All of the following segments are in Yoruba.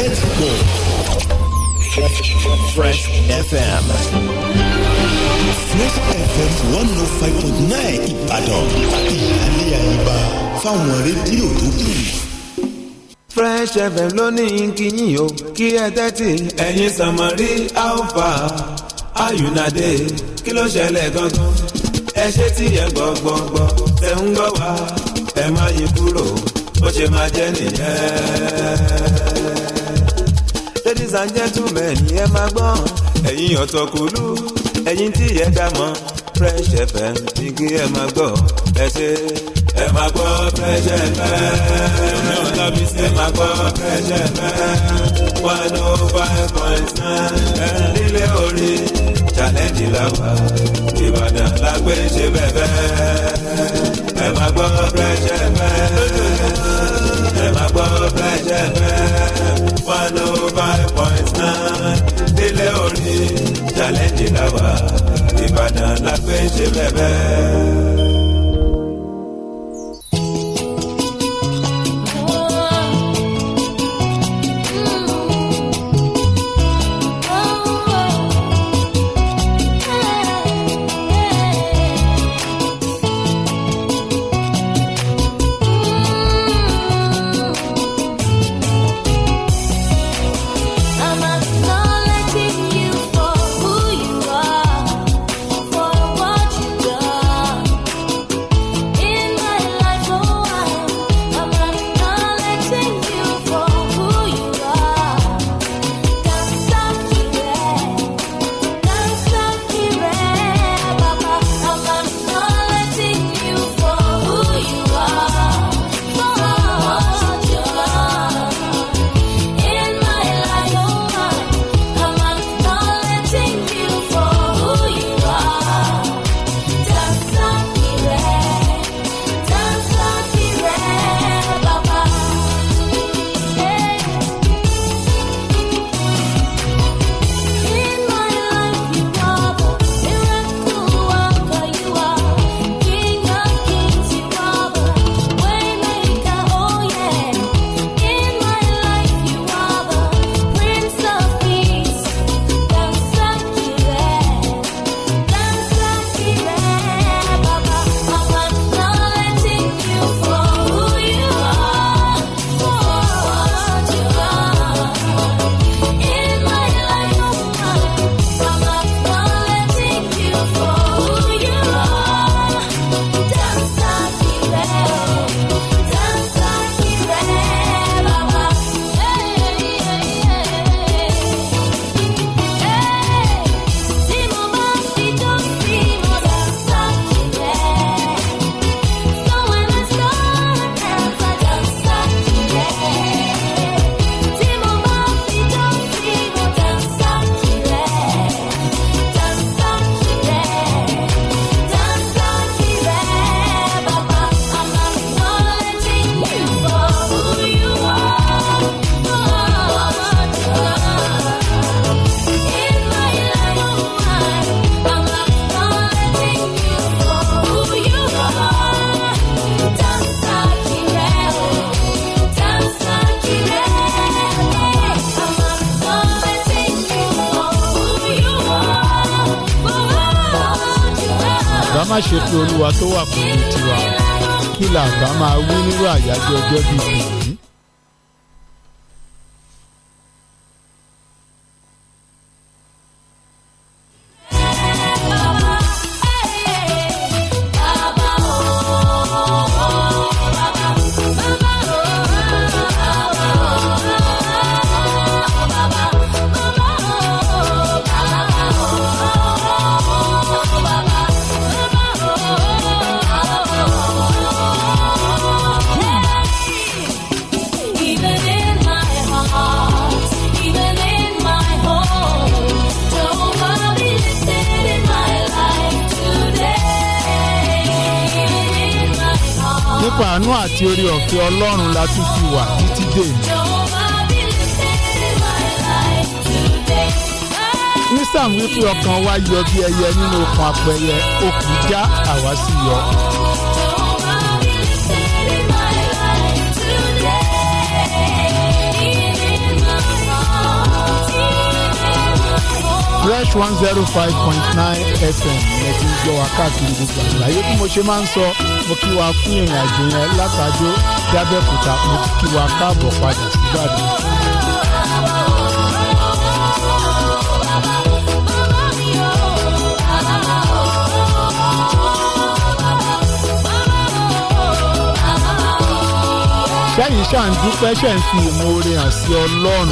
Let's go. Fresh FM. Fresh FM one oh five point nine Ìbàdàn. Ìyáálé àyíbá fáwọn rédíò tó kù. Fresh FM ló ní kíyìn o kí ẹ tẹ́tì. Ẹ̀yin sàmọ́rí alpha ayùnádé kí ló ṣẹlẹ̀ gangan. Ẹ ṣe tí ẹ gbọ́ gbọ́ gbọ́ ẹ ń gbọ́ wá ẹ má yí kúrò bó ṣe máa jẹ́ nìyẹn ladies and gentlemen ẹ máa gbọ́ ẹ̀yin ọ̀tọ̀kùlú ẹ̀yin tí ẹ dá mọ̀ Fresh FM ní kí ẹ máa gbọ́ ẹ ṣe. ẹ máa gbọ́ Fresh FM ẹ máa gbọ́ Fresh FM one oh five point nine nílé orí challenge la wà Ìbàdàn la gbé bẹ́ẹ̀ bẹ́ẹ̀ ẹ máa gbọ́ Fresh FM ẹ má gbọ́ Fresh FM one oh five point nine délé orí challenge la wà Ìbàdàn la gbé ṣe bẹ́ẹ̀ bẹ́ẹ̀. ṣe pé olúwa tó wà pẹ̀lú tiwa kí làbá máa wí nírú àyájọ́ ọjọ́ bíbí. kí ọkàn wa yọ bí ẹyẹ nínú okùn apẹyẹ okùn já àwa sì yọ. fresh one zero five point nine fm ẹ ti ń gbọ́ wa káàkiri gbogbo àgbáyé bí mo ṣe máa ń sọ mo kí wa kú ìrìn yẹn látàjọ jábẹ́kúta mo kí wa káàbọ̀ padà síbàdàn. ṣẹ́yìn ṣáà ń dúpẹ́ ṣẹ́ ń fi ìmoore hàn sí Ọlọ́run.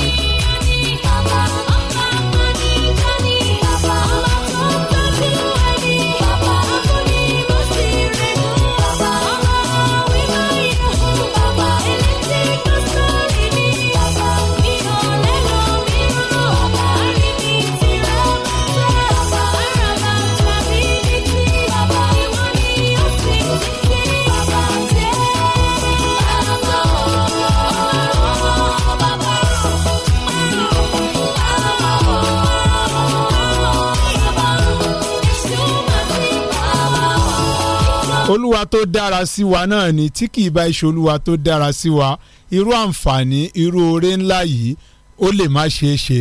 olúwa tó dára sí wa náà ni tí kì í bá iṣẹ́ olúwa tó dára sí wa irú àǹfààní irú oore ńlá yìí ó lè má ṣeé ṣe.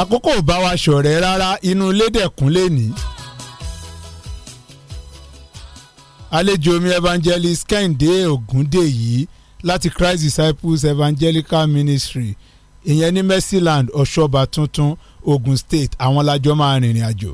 àkókò ò bá wa ṣọ̀rẹ́ rárá inú ilé dẹ̀kún lè ní. àlejò mi evangelist kẹ́hìndé ògúndèyí láti christ disciples evangelical ministry ìyẹn ní mercyland ọ̀ṣọ́ba tuntun Ogun State àwọn lájọ máa rìnrìn àjò.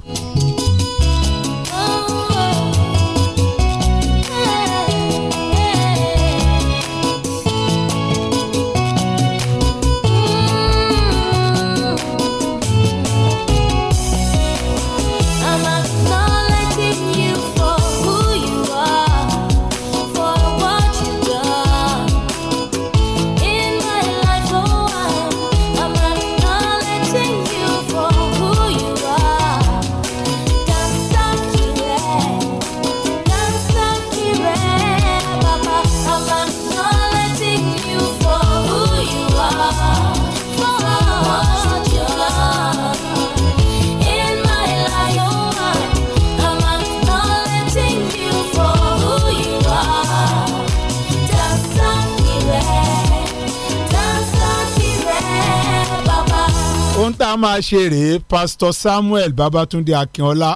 máa ṣe rèé pásítọ̀ Samuel Babatunde Akínọlá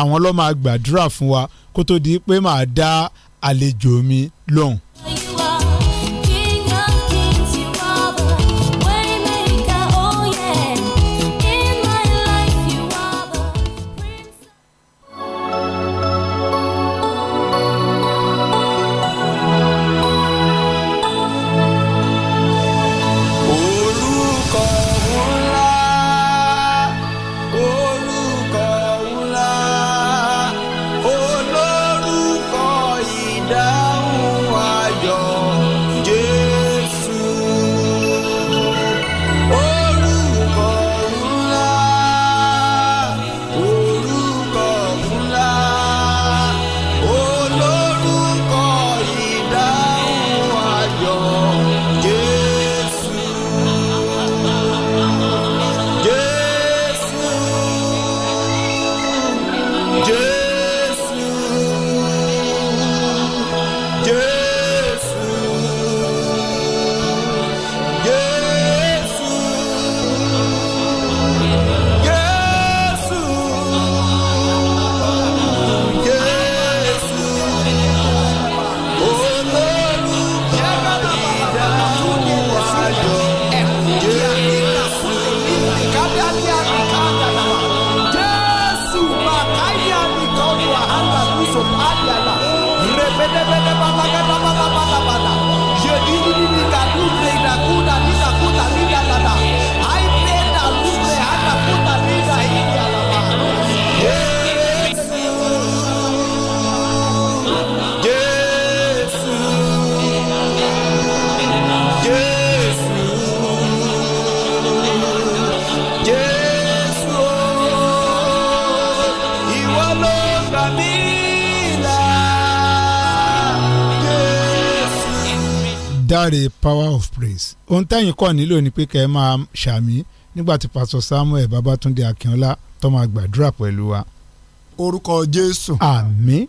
àwọn ló máa fún wa kó tó di pé màá dá àlejò mi lóhùn. dáre power of praise ohun tẹ́yìn kọ́ nílò ni pé kẹ́ ẹ máa ṣàmì nígbà tí pásọ samuel babatunde akínọlá tó máa gbàdúrà pẹ̀lú wa. orúkọ jésù. àmín.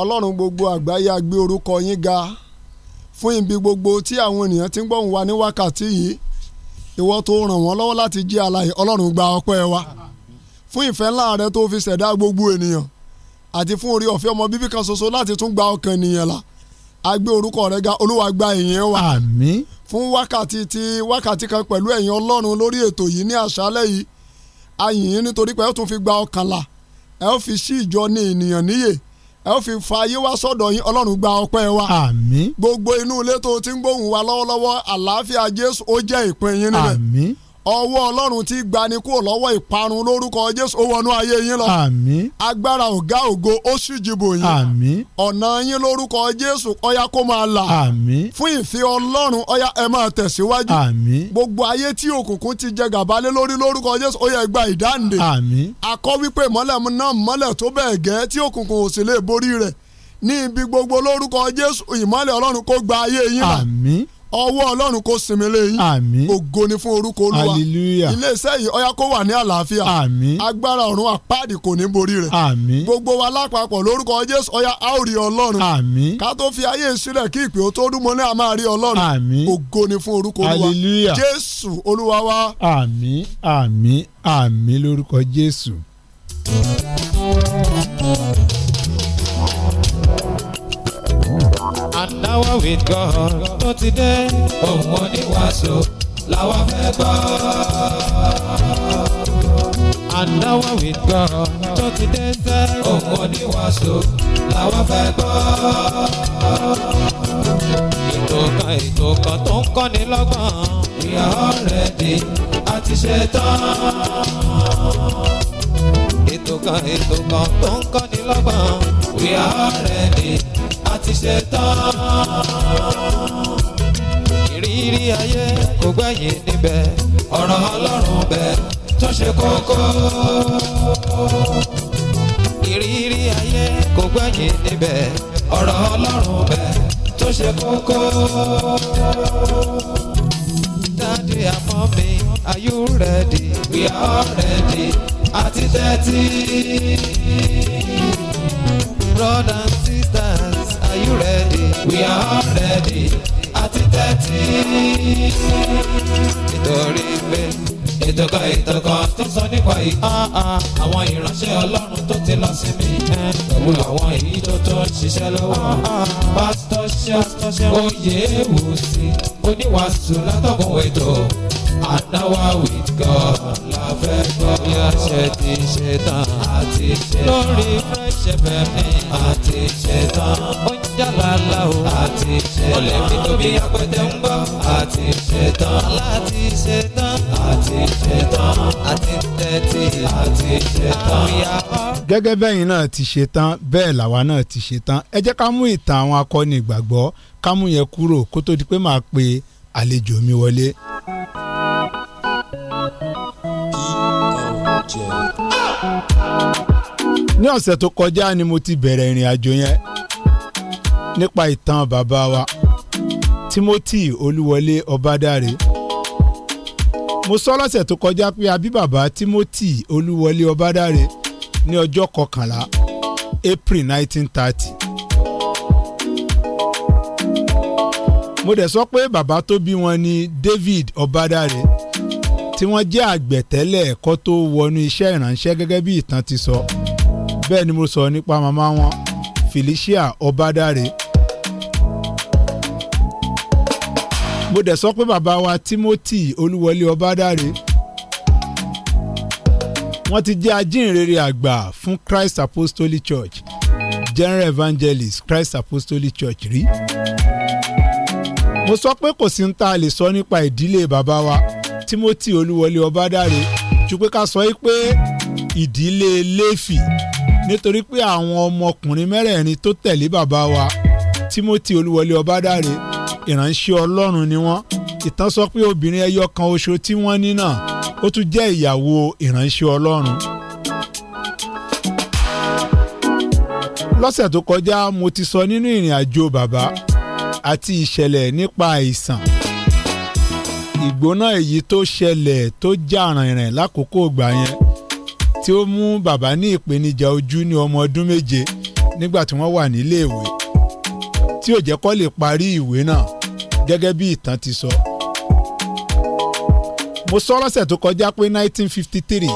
ọlọ́run gbogbo àgbáyé a gbé orúkọ yín ga fún ibi gbogbo tí àwọn ènìyàn ti ń gbóhùn wa ní wákàtí yìí ìwọ tó ràn wọ́n lọ́wọ́ láti jẹ́ alààyè ọlọ́run gba ọpẹ́ wa fún ìfẹ́ ńlá rẹ tó fi ṣẹ̀dá gbogbo ènìyàn àti fún orí ọ̀fẹ́ ọmọ bíbí kan ṣoṣo láti tún gba ọkàn ènìyàn là agbé orúkọ rẹ ga olúwa gba ìyẹn wa. àmín. fún wákàtí ti wákàtí kan pẹ̀lú ẹ̀yin ọlọ́run lórí ètò yìí ní àṣálẹ́ yìí ayìnyín nítorí pé ẹ tún fi gba ọkànlá ẹ ó fi sí ìjọ ní ènìyàn níyè ẹ ó fi fa ayé wá sọ́dọ̀ yín ọlọ́run gba ọpẹ́ wa. àmín. gbogbo inú ilé tó ti ń gbóhùn wa lọ́wọ́lọ́wọ́ àlàáfíà jésù ó jẹ́ ìpín yín níbẹ̀. àmín ọwọ́ ọlọ́run ti gbani kúrò lọ́wọ́ ìparun lórúkọ jésù ó wọnú ayé yín lọ. àmín. agbára ọ̀gá ògo ó sì jìbò yín. àmín. ọ̀nà yín lórúkọ jésù ọ̀yá kó máa là. àmín. fún ìfẹ́ ọlọ́run ọ̀yá ẹ máa tẹ̀síwájú. àmín. gbogbo ayé tí òkùnkùn ti jẹ gàba lé lórí lórúkọ jésù ó yẹ gba ìdáǹdè. àmín. akọ wípé mọ́lẹ̀ náà mọ́lẹ̀ tó bẹ́ẹ̀ gẹ́ tí òkùnkùn ò sì lè borí rẹ̀ ní ibi gbogbo lórúkọ jésù ìmọ́lẹ̀ ọlọ́run kó gba ayé yín là. àmín ọwọ́ ọlọ́run kò sinmi lẹ́yìn àmín ògo ni fún orúkọ olúwa hallelujah ilé iṣẹ́ yìí ọ̀yá kó wà ní àlàáfíà àmín agbára ọ̀run àpáàdì kò ní borí rẹ̀ àmín gbogbo wa lápapọ̀ lórúkọ jésù ọ̀yá a ó rí ọlọ́run àmín ká tó fi ayé sílẹ̀ kí ìpè ó tó dún mọ́ ní a máa rí ọlọ́run àmín ògo ni fún orúkọ olúwa hallelujah jésù olúwa wa. àmín àmín àmín lórúkọ jésù. hour with God tó ti dé. Òun oníwàásù làwa fẹ́ gbọ́. An hour with God tó ti dé sẹ́. Òun oníwàásù làwa fẹ́ gbọ́. Ètò kan tó ń kọ́ni lọ́gbọ̀n. We are already a ti ṣe tán. Ètò kan tó ń kọ́ni lọ́gbọ̀n. We are already ti ṣe tán. ìrírí ayé kò gbẹ̀yìn níbẹ̀ ọ̀rọ̀ ọlọ́run bẹ̀ tó ṣe kókó. ìrírí ayé kò gbẹ̀yìn níbẹ̀ ọ̀rọ̀ ọlọ́run bẹ̀ tó ṣe kókó. Daddy and mommy, are you ready? We are ready. Àti tẹ́tí. Brother and sister. Are you ready? We are all ready. Àti tẹ́tí nítorí pé ìtọ́kọ ìtọ́kọ tó sọ nípa ah, ìhá ah. àwọn ìránṣẹ́ ọlọ́run tó ti lọ sí mi pẹ̀lú àwọn ìjọ tó ń ṣiṣẹ́ lọ́wọ́ ah, pásítọ̀ ṣe oyè wò sí oníwàásù látọ̀kùn ètò àdáwà with God la fẹ́ gbọ́ bí a ṣe ti ṣe tán àti ṣe tán lórí fresh fm àti ṣe tán ó ń jàlálà o àti ṣe tán olè mi tóbi apẹtẹ ń gbọ́ àti ṣe tán láti ṣe tán àti ṣetán àti tẹ́tí àti ṣetán. gẹ́gẹ́ bẹ́yìn náà ti ṣe tán bẹ́ẹ̀ làwa náà ti ṣe tán ẹ jẹ́ ká mú ìtàn àwọn akọni ìgbàgbọ́ ká mú yẹn kúrò kó tó di pé màá pe àlejò mi wọlé. ní ọ̀sẹ̀ tó kọjá ni mo ti bẹ̀rẹ̀ ìrìn àjò yẹn nípa ìtàn bàbá wa Timothy Olúwọlé Ọbádàrẹ mo sọ lọ́sẹ̀ tó kọjá pé abíbàbá Timothy Olúwọlé Ọbádáre ní ọjọ́ kọkànlá April nineteen thirty. mo dẹ̀ sọ pé bàbá tó bí wọn ni David Ọbádáre tí wọ́n jẹ́ àgbẹ̀ tẹ́lẹ̀ kó tó wọnú iṣẹ́ ìránṣẹ́ gẹ́gẹ́ bí ìtàn ti sọ bẹ́ẹ̀ ni mo sọ nípa màmá wọn Felicia Ọbádáre mo dẹ̀ sọ pé bàbá wa Timothy Olúwọlé Ọbádáre wọ́n ti jẹ́ ajínrere àgbà fún Christ Apostolic Church General Evangelist Christ Apostolic Church rí mo sọ pé kò sí ń ta lè sọ nípa ìdílé bàbá wa Timothy Olúwọlé Ọbádáre ju pé ká sọ pé ìdílé Léfì nítorí pé àwọn ọmọkùnrin mẹ́rẹ̀ẹ̀rin tó tẹ̀lé bàbá wa Timothy Olúwọlé Ọbádáre ìránṣẹ́ ọlọ́run ni wọ́n ìtàn sọ pé obìnrin ẹyọ kan oṣù tí wọ́n ní náà ó tún jẹ́ ìyàwó ìránṣẹ́ ọlọ́run. lọ́sẹ̀ tó kọjá mo ti sọ nínú ìrìn àjò bàbá àti ìṣẹ̀lẹ̀ nípa àìsàn ìgbóná èyí tó ṣẹlẹ̀ tó já rìnrìn lákòókò ìgbà yẹn tí ó mú bàbá ní ìpèníjà ojú ní ọmọ ọdún méje nígbà tí wọ́n wà níléèwé tí ò jẹ́ kó lè parí ìwé náà gẹ́gẹ́ bí ìtàn ti sọ. mo sọ lọ́sẹ̀ tó kọjá pé 1953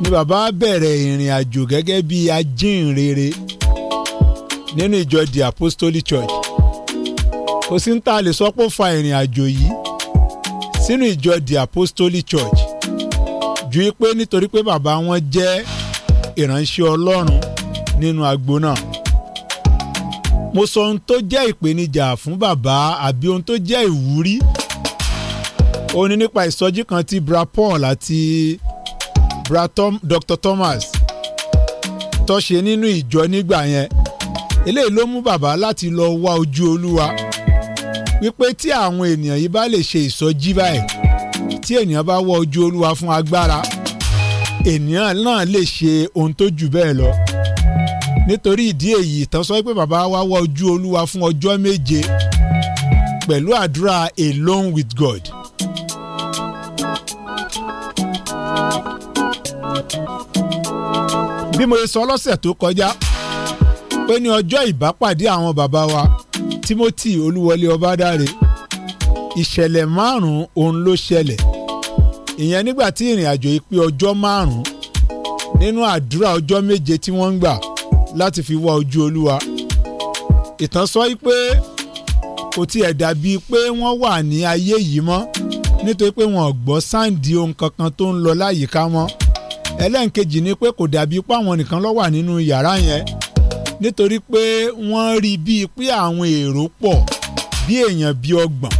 ni bàbá bẹ̀rẹ̀ ìrìn àjò gẹ́gẹ́ bí ajínrere nínú ìjọ the Apostolic Church kò sí ń ta lè sọ pé ó fa ìrìn àjò yìí sínú ìjọ the Apostolic Church ju pé nítorí pé bàbá wọn jẹ́ ìránṣẹ́ Ọlọ́run nínú agbo náà mo sọ ohun tó jẹ́ ìpèníjà fún bàbá àbí ohun tó jẹ́ ìwúrí ó ní nípa ìsọjí kan tí bra Paul àti bra Dr. Thomas tó ṣe nínú ìjọ nígbà yẹn eléyìí ló mú bàbá láti lọ wá ojú olúwa wípé tí àwọn ènìyàn yìí bá lè ṣe ìsọjí báyìí tí ènìyàn bá wá ojú olúwa fún agbára ènìyàn náà lè ṣe ohun tó jù bẹ́ẹ̀ lọ nítorí ìdí èyí ìtàn sọ pé bàbá wa wọ ojú olúwa fún ọjọ́ méje pẹ̀lú àdúrà alone with God. bí mo ṣe sọ lọ́sẹ̀ tó kọjá pé ní ọjọ́ ìbápàdé àwọn bàbá wa Timothy Olúwọlé Ọbádáre ìṣẹ̀lẹ̀ márùn-ún òun ló ṣẹlẹ̀ ìyẹn nígbà tí ìrìn àjò yìí pé ọjọ́ márùn-ún nínú àdúrà ọjọ́ méje tí wọ́n ń gbà láti fi wá ojú olúwa ìtàn sọ wípé kò tiẹ̀ dàbí pé wọ́n wà ní ayé yìí mọ́ nítorí pé wọn ò gbọ́ sáǹdì ohun kankan tó ń lọ láyìíká mọ́ ẹlẹ́nkejì ni pé kò dàbí pé àwọn nìkan ló wà nínú yàrá yẹn nítorí pé wọ́n rí bíi pé àwọn èrò pọ̀ bí èèyàn bíi ọgbọ̀n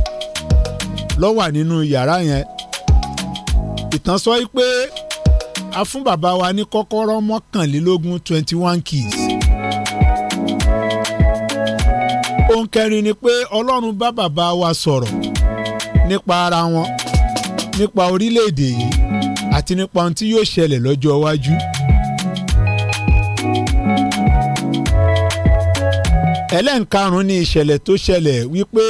ló wà nínú yàrá yẹn ìtàn sọ wípé a fún bàbá wa ní kọ́kọ́rọ́ mọ́kànlélógún twenty one keys. ohun kẹrin ni pé ọlọ́run bá bàbá wa sọ̀rọ̀ nípa ara wọn nípa orílẹ̀-èdè yìí àti nípa ohun tí yóò ṣẹlẹ̀ lọ́jọ́ iwájú. ẹlẹ́nkarùn-ún ni ìṣẹ̀lẹ̀ tó ṣẹlẹ̀ wípé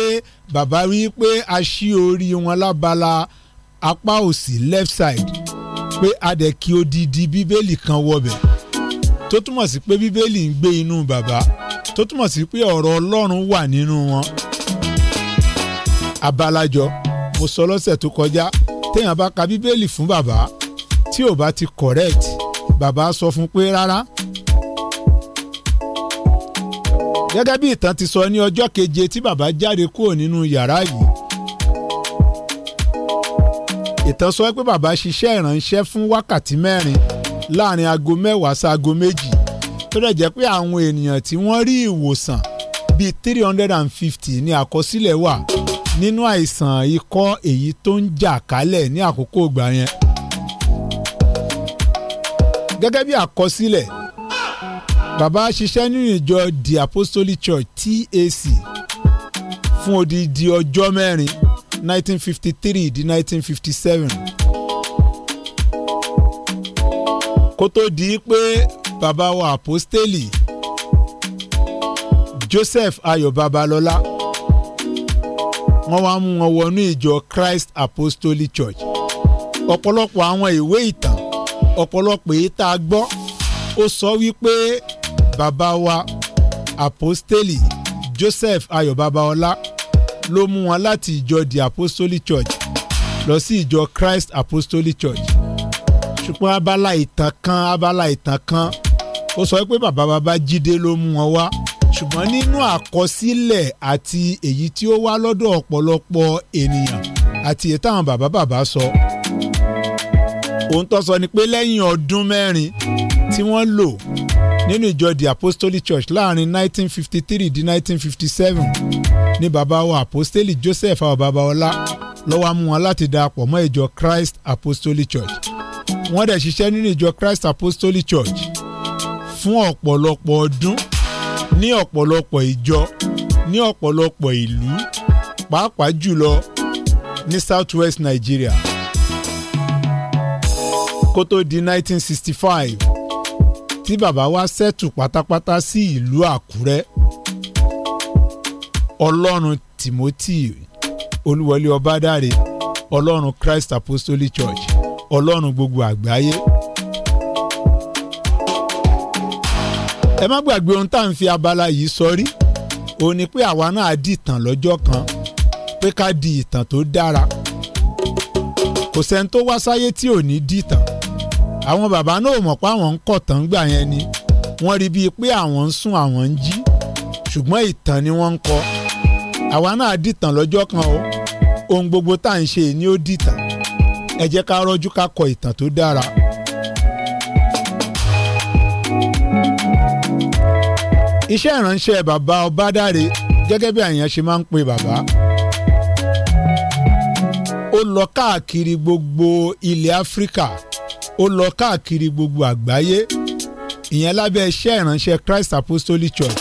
bàbá wípé a ṣí orí wọn lábala apá òsì left side pé adẹ̀kí odidi bíbélì kan wọbẹ̀ tó túmọ̀ sí pé bíbélì ń gbé inú bàbá tó túmọ̀ sí pé ọ̀rọ̀ ọlọ́run wà nínú wọn. abalajọ mo sọ lọ́sẹ̀ tó kọjá téèyàn bá ka bíbélì fún bàbá tí ò bá ti correct bàbá sọ fún pé rárá. gẹ́gẹ́ bí ìtàn ti sọ ní ọjọ́ keje tí bàbá jáde kúrò nínú yàrá yìí ìtàn sọ pé bàbá ṣiṣẹ́ ìrànṣẹ́ fún wákàtí mẹ́rin láàrin aago mẹ́wàá sí aago méjì tó dẹ̀ jẹ́ pé àwọn ènìyàn tí wọ́n rí ìwòsàn bíi three hundred and fifty ni àkọsílẹ̀ wà nínú àìsàn ikọ́ èyí tó ń jà kálẹ̀ ní àkókò ìgbà yẹn. gẹ́gẹ́ bí àkọsílẹ̀ bàbá ṣiṣẹ́ nínú ìjọ the apostolic church TAC fún odidi ọjọ́ mẹ́rin 1953 fifty three di nineteen fifty seven kó tó di pé bàbá wa àpọ́stélì Joseph Ayọ̀ Babalọ́lá wọ́n wá mú wọn wọnú ìjọ Christ Apostolic Church ọ̀pọ̀lọpọ̀ àwọn ìwé ìtàn ọ̀pọ̀lọpọ̀ èyí tá a gbọ́ ó sọ wípé bàbá wa àpọ́stélì Joseph Ayọ̀ Babalọ́lá ló mú wọn láti ìjọ the apostolic church lọ sí ìjọ christ apostolic church ṣùgbọ́n abala ìtàn kan abala ìtàn kan ó sọ pé bàbá bàbá jíde ló mú wọn wá ṣùgbọ́n nínú àkọsílẹ̀ àti èyí tí ó wá lọ́dọ̀ ọ̀pọ̀lọpọ̀ ènìyàn àti èyí táwọn bàbá bàbá sọ ohun tó sọ ni pé lẹ́yìn ọdún mẹ́rin tí wọ́n lò nínú ìjọ the apostolic church láàrin 1953 di 1957 ní bàbá wa apostoli joseph àwọn bàbá ọlá lọ́wọ́ amú wọn láti darapọ̀ mọ́ ìjọ christ apostolic church wọ́n dẹ̀ ṣiṣẹ́ nínú ìjọ christ apostolic church fún ọ̀pọ̀lọpọ̀ ọdún ní ọ̀pọ̀lọpọ̀ ìjọ ní ọ̀pọ̀lọpọ̀ ìlú pàápàá jùlọ ní south west nigeria kó di 1965 tí bàbá wa ṣẹ́tù pátápátá sí ìlú Àkúrẹ́ ọlọ́run Timothy Olúwọlé Ọbádáre ọlọ́run Christ Apostolic Church ọlọ́run gbogbo àgbáyé. ẹ má gbàgbé ohun tá à ń fi abala yìí sọrí òun ni pé àwa náà di ìtàn lọ́jọ́ kan pé ká di ìtàn tó dára kò sẹ́ni tó wá sáyé tí ò ní di ìtàn àwọn bàbá náà mọ̀ pé àwọn ń kọ̀ tán gbà yẹn ni wọ́n rí bíi pé àwọn ń sùn àwọn ń jí ṣùgbọ́n ìtàn ni wọ́n ń kọ àwa náà dìtàn lọ́jọ́ kan o ohun gbogbo tá à ń ṣe ni ó dìtàn ẹ jẹ́ ká rọ́jú ká kọ ìtàn tó dára. iṣẹ́ ìránṣẹ́ bàbá ọbádáre gẹ́gẹ́ bí àyàn ṣe máa ń pe bàbá ó lọ káàkiri gbogbo ilẹ̀ áfíríkà ó lọ káàkiri gbogbo àgbáyé ìyẹn lábẹ́ iṣẹ́ ìránṣẹ́ Christ Apostolic Church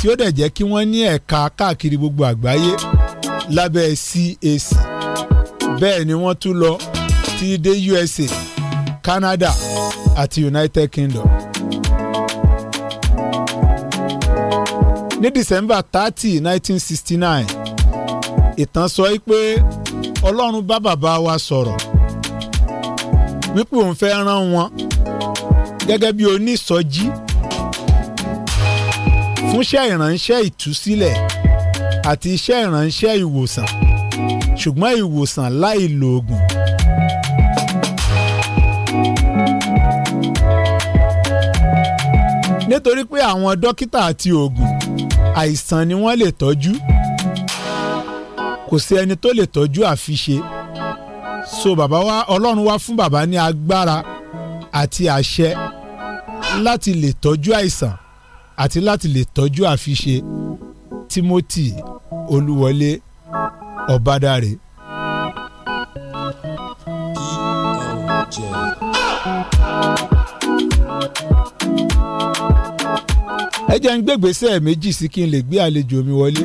tí ó dẹ̀ jẹ́ kí wọ́n ní ẹ̀ka káàkiri gbogbo àgbáyé lábẹ́ CAC bẹ́ẹ̀ ni wọ́n tún lọ títí dé USA Canada àti United Kingdom. ní December thirty nineteen sixty nine ìtàn sọ pé Ọlọ́run bá bàbá wa sọ̀rọ̀ wípé òun fẹ́ rán wọn gẹ́gẹ́ bí onísọjí fúnṣẹ́ ìránṣẹ́ ìtúsílẹ̀ àti iṣẹ́ ìránṣẹ́ ìwòsàn ṣùgbọ́n ìwòsàn láì lo oògùn. nítorí pé àwọn dókítà àti oògùn àìsàn ni wọ́n lè tọ́jú kò sí ẹni tó lè tọ́jú àfiṣe so bàbá wa ọlọ́run wá fún bàbá ní agbára àti àṣẹ láti lè tọ́jú àìsàn àti láti lè tọ́jú àfiṣe Timothy Olúwọlé Ọ̀bádàrẹ. ẹ jẹ́ ń gbégbèsè méjì sí kí n lè gbé àlejò mi wọlé.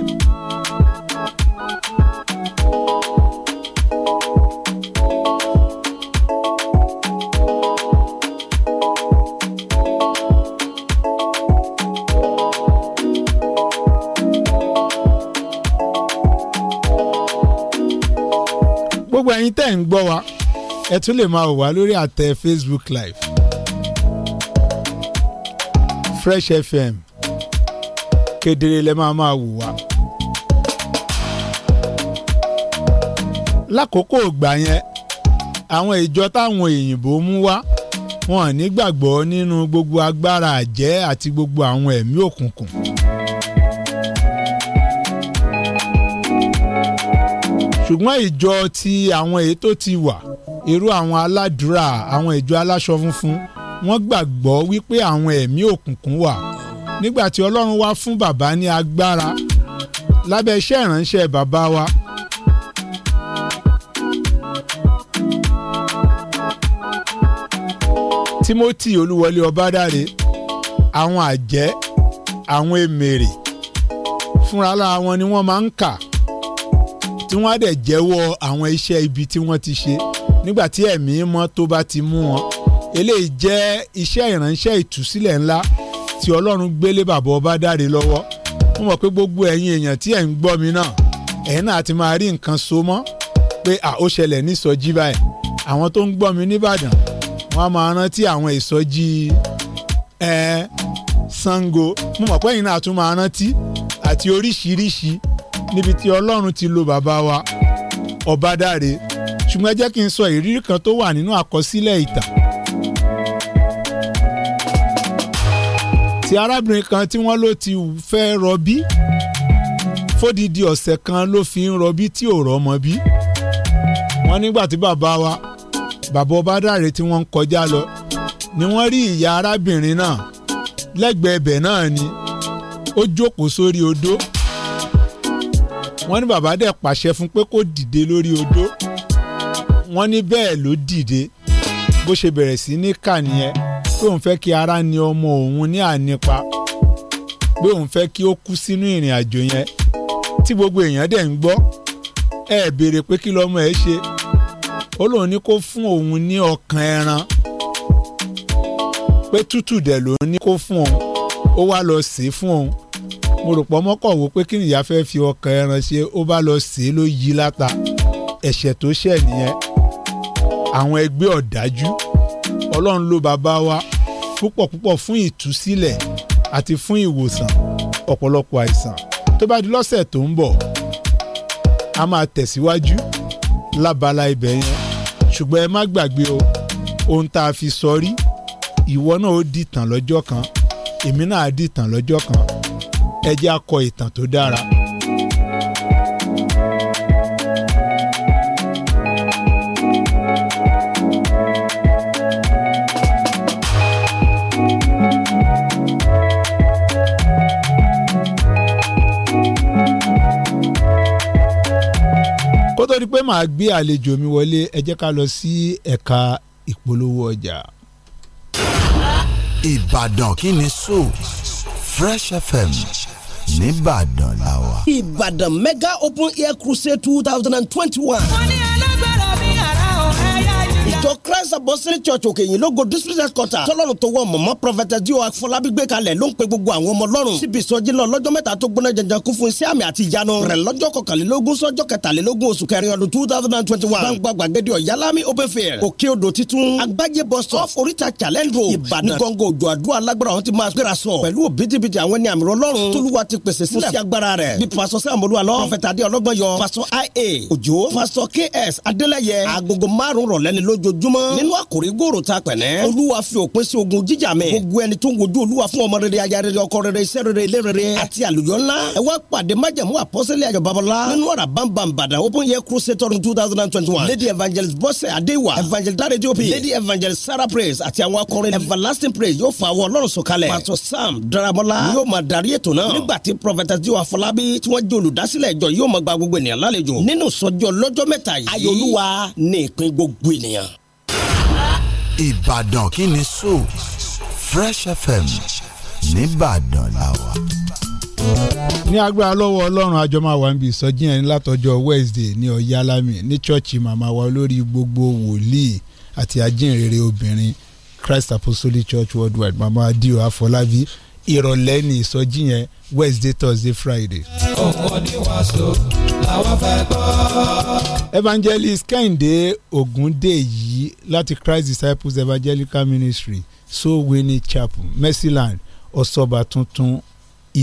ẹ̀yin tẹ́ ń gbọ́ wa ẹ tún lè máa wò lórí àtẹ Facebook live Fresh FM kedere lẹ máa máa wò wá. lákòókò ìgbà yẹn àwọn ìjọ táwọn òyìnbó mú wá wọn ò ní gbàgbọ́ nínú gbogbo agbára àjẹ́ àti gbogbo àwọn ẹ̀mí òkùnkùn. ṣùgbọ́n ìjọ ti àwọn èyí tó ti wà irú àwọn aládùúrà àwọn ìjọ aláṣọ funfun wọ́n gbàgbọ́ wípé àwọn ẹ̀mí òkùnkùn wà nígbà tí Ọlọ́run wá fún bàbá ní agbára lábẹ́ iṣẹ́ ìránṣẹ́ bàbá wa. Timothy Olúwọlé Ọbádáre àwọn àjẹ́ àwọn èmèrè fúnra lára wọn ni wọ́n máa ń kà tí wọ́n á dẹ̀ jẹ́wọ́ àwọn iṣẹ́ ibi tí wọ́n ti ṣe nígbà tí ẹ̀mí mọ́ tó bá ti mú wọn eléyìí jẹ́ iṣẹ́ ìránṣẹ́ ìtúsílẹ̀ ńlá tí Ọlọ́run gbélé bàbá ọba dáre lọ́wọ́ mo mọ̀ pé gbogbo ẹ̀yin èèyàn tí ẹ̀ ń gbọ́ mi náà ẹ̀yin náà ti máa rí nǹkan so mọ́ pé à ó ṣẹlẹ̀ ní ìsọjí báyìí àwọn tó ń gbọ́ mi nìbàdàn wọ́n á máa rántí àwọn ìsọjí ẹ̀ Ṣàngó mo mọ̀ pé ẹ̀yin náà tún máa rántí àti oríṣiríṣi níbi tí ọlọ́run ti lo bàbá wa ọ̀bádáre ṣùgbọ́n ẹ jẹ́ kí n sọ ìrírí kan tó wà nínú àkọsílẹ̀ ìtàn. ti arábìnrin kan tí wọ́n ló ti fẹ́ rọbí fódìdí ọ̀sẹ̀ kan ló fi ń rọbí tí ò rọmọ bí. wọ́n nígbà tí bàbá wa bàbá ọbádáre tí wọ́n ń kọjá lọ ni wọ́n rí ìyá arábìnrin náà lẹ́gbẹ̀ẹ́ ibẹ̀ náà ni ó jókòó sórí odó wọ́n ní bàbá dẹ̀ pàṣẹ fún pé kó dìde lórí odó wọ́n ní bẹ́ẹ̀ ló dìde bó ṣe bẹ̀rẹ̀ sí ní kà nìyẹn pé òun fẹ́ kí ara ni ọmọ òun ní ànípa pé òun fẹ́ kí ó kú sínú ìrìn àjò yẹn tí gbogbo èèyàn dẹ̀ ń gbọ́ ẹ béèrè pé kí lọ́mọ ẹ ṣe ó lóun ní kó fún òun ní ọkàn ẹran pé tútù dẹ̀ lòun ní kó fún òun ó wá lọ sí fún òun mo rò pọ̀ mọ́kàn wò pé kí nìyá fẹ́ fi ọkàn ẹran ṣe ó bá lọ sè é ló yí láta ẹ̀ṣẹ̀ tó ṣẹ̀ nìyẹn àwọn ẹgbẹ́ ọ̀dájú ọlọ́run ló bàbá wa púpọ̀ púpọ̀ fún ìtúsílẹ̀ àti fún ìwòsàn ọ̀pọ̀lọpọ̀ àìsàn tó bá di lọ́sẹ̀ tó ń bọ̀ a máa tẹ̀síwájú lábala ibẹ̀ yẹn ṣùgbọ́n ẹ má gbàgbé o ohun tá a fi sọ rí ìwọ náà ó dìtàn lọ́jọ́ kan èmi náà á dìtàn lọ́jọ́ kan ẹ jẹ́ a kọ ìtàn tó dára. kó tó di pé màá gbé àlejò mi wọlé ẹ jẹ́ ká lọ sí ẹ̀ka ìpolówó ọjà. Ìbàdàn kí ni so Fresh FM nìbàdàn làwà. Ìbàdàn mega open air crusade two thousand and twenty one ìjọ christ apostolic church òkè yìí lógo district headquarter tọ́lọ́run tó wọ mọ̀mọ́ prophet dio afọlábí gbé kalẹ̀ ló ń pe gbogbo àwọn ọmọ ọlọ́run síbi ìsọjí lọ lọ́jọ́ mẹ́ta tó gbóná janjan kún fún iṣẹ́ àmì àti ìyanu rẹ̀ lọ́jọ́ kọkànlélógún sọ́jọ́ kẹtàlélógún oṣù kẹrin ọdún two thousand and twenty one gbangba gbàgede ọ̀yálámi open fair òkè odò titun agbájé bus stop oríta challenge road ìbàdàn gọ́ngọ́ òjò àdúrà alágbára wọn ti máa gbéra sọ pẹ̀lú òbítíbitì àwọn ẹni àmì ọlọ́run tóluwa ti pèsè sílẹ̀ fún agbára rẹ̀ bí pásọ sàmúlùwà lọ pọfẹtàdé ọlọ́gbọ́n yọ pásọ ia òjò pásọ ks adélẹ́yẹ agogo márùn-ún rọ̀lẹ́ni lójó lójoojúmọ́ nínú àkòrí gòrò ta pẹ̀lẹ́ olúwa fi òpin sí ogun jíjà mi gbogbo ẹni tó ń wojú olúwa fún ọmọ rere aya rere ọkọ rere iṣẹ́ rere ilé rere àti àlùyọ ńlá ẹ wá pàdé májẹ̀mú àpọ́sẹ́lẹ̀ ayọ̀ babalá nínú ọ̀rà bambam bàdà open year crusade ọdún two thousand and twenty one lady evangelist bọ́sẹ̀ adéwà evangelist dáre diop lady evangelist sarah praise àti àwọn akọrin everlasting praise yóò fa àwọn ọlọ́run sọ̀kalẹ̀ pastor sam daramola yóò máa darí ètò náà nígbà tí prophetess diwa fọlábí tí wọ́n jẹ́ olùdásílẹ̀ ìjọ yóò máa gba gbogbo ènìyàn lálejò nínú sọjọ́ lọ́jọ́ mẹ́ta yìí ayọ̀lúwa ní ìpín gbogbo ènìyàn. Ìbàdàn kí ni so Fresh FM nìbàdàn làwà. ní agbára lọ́wọ́ Ọlọ́run àjọ máa wà níbi ìsọjí yẹn látọjọ́ Wednesday ní Ọ̀yálámì ní chọ́ọ̀chì màmá wa olórí gbogbo wòlíì àti ajínrere obìnrin Christ Apostolic Church Worldwide màmá adio Afọlábí ìrọ̀lẹ́ ní ìsọjí yẹn wednesday thursday friday. ọkọ ni wàásù làwọn fẹ́ gbọ́. evangelist kẹ́hìndé ògúndèyí láti christ disciples evangelical ministry so winnie chapel mercyland ọ̀ṣọ́ba tuntun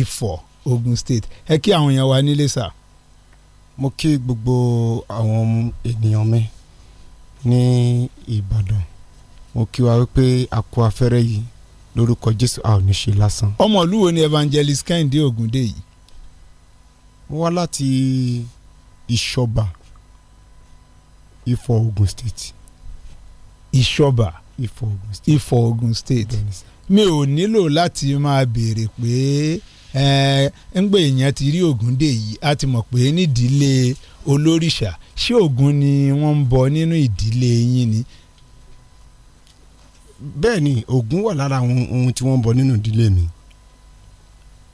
ifọ̀ ogun state ẹ kí àwọn èèyàn wa nílé sà. mo kí gbogbo àwọn ènìyàn mi ní ìbàdàn mo kí wa wípé a kú afẹ́rẹ́ yìí lórúkọ jésù a ò ní ṣe lásán. ọmọ ìlú wo ni evangelist kẹ́hìndé ògúndé yìí. mo wá láti ìṣọba ifọ̀ ogun state. ìṣọba ifọ̀ ogun state. ifọ̀ ogun state. mi ò nílò láti máa béèrè pé ńgbè èèyàn ti rí ògúndé yìí a ti mọ̀ pé nídìílé olóríṣà ṣé ògún ni wọ́n ń bọ nínú ìdílé yín ni. Eh, bẹ́ẹ̀ ni Ògún wà lára àwọn ohun tí wọ́n bọ nínú ìdílé mi.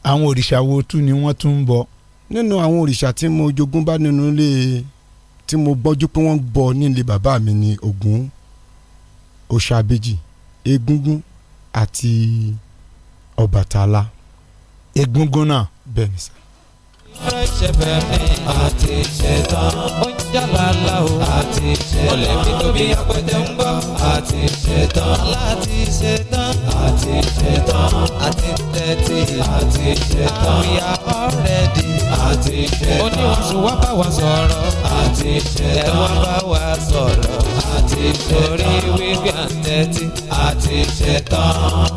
àwọn òrìṣà wo tún ni wọ́n tún ń bọ. nínú àwọn òrìṣà tí mo jogún bá nínú ilé tí mo gbọ́jú pé wọ́n ń bọ nílé bàbá mi ni ogun òòṣà abéjì egúngún àti Ọbàtálá. egúngún náà. bẹ́ẹ̀ ni sá fresh fm àti ṣetán ó ń jàlálà o àti ṣetán olè mi tóbi apẹtẹ ń bọ̀ àti ṣetán láti ṣetán àti ṣetán àti tẹ́tí àti ṣetán àwòyá ọ̀rẹ́dì àti ṣetán oníwọ̀nsùn wá bá wa sọ̀rọ̀ àti ṣetán ẹ̀ wá bá wa sọ̀rọ̀ àti ṣetán orí wíwí àti tẹ́tí àti ṣetán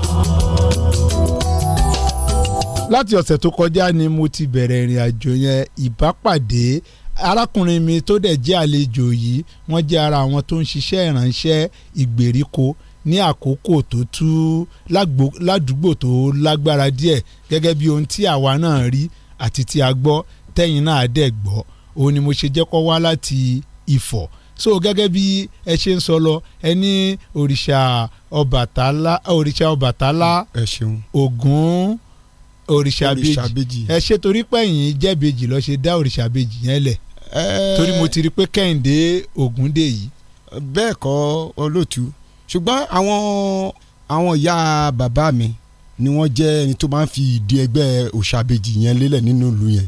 láti ọ̀sẹ̀ tó kọjá ni mo ti bẹ̀rẹ̀ ìrìn àjò yẹn ìbápàdé arákùnrin mi tó dẹ̀ jẹ́ àlejò yìí wọ́n jẹ́ ara àwọn tó ń ṣiṣẹ́ ìránṣẹ́ ìgbèríko ní àkókò tó tú ládùúgbò tó lágbára díẹ̀ gẹ́gẹ́ bí ohun tí àwa náà rí àti tí a gbọ́ tẹ́yìn náà dẹ̀ gbọ́ òun ni mo ṣe jẹ́ kó wá láti Ifọ̀ so gẹ́gẹ́ bí ẹ ṣe ń sọ lọ ẹ ní òrìṣà Ọbàtálá òrìṣà Ọbàtálá Ògún òrìṣà bèjì ẹ ṣe torí pẹ̀yìn jẹ́ bèjì lọ́ọ́ ṣe dá òrìṣà bèjì yẹn lẹ̀ eh. torí mo ti rí pé kẹ́hìndé ògúndé yìí. bẹ́ẹ̀ kọ́ olóòtú ṣùgbọ́n àwọn àwọn ìyá bàbá mi ni wọ́n jẹ́ ẹni tó máa ń fi ìdí ẹgbẹ́ òrìṣà bèjì yẹn lélẹ̀ nínú ìlú yẹn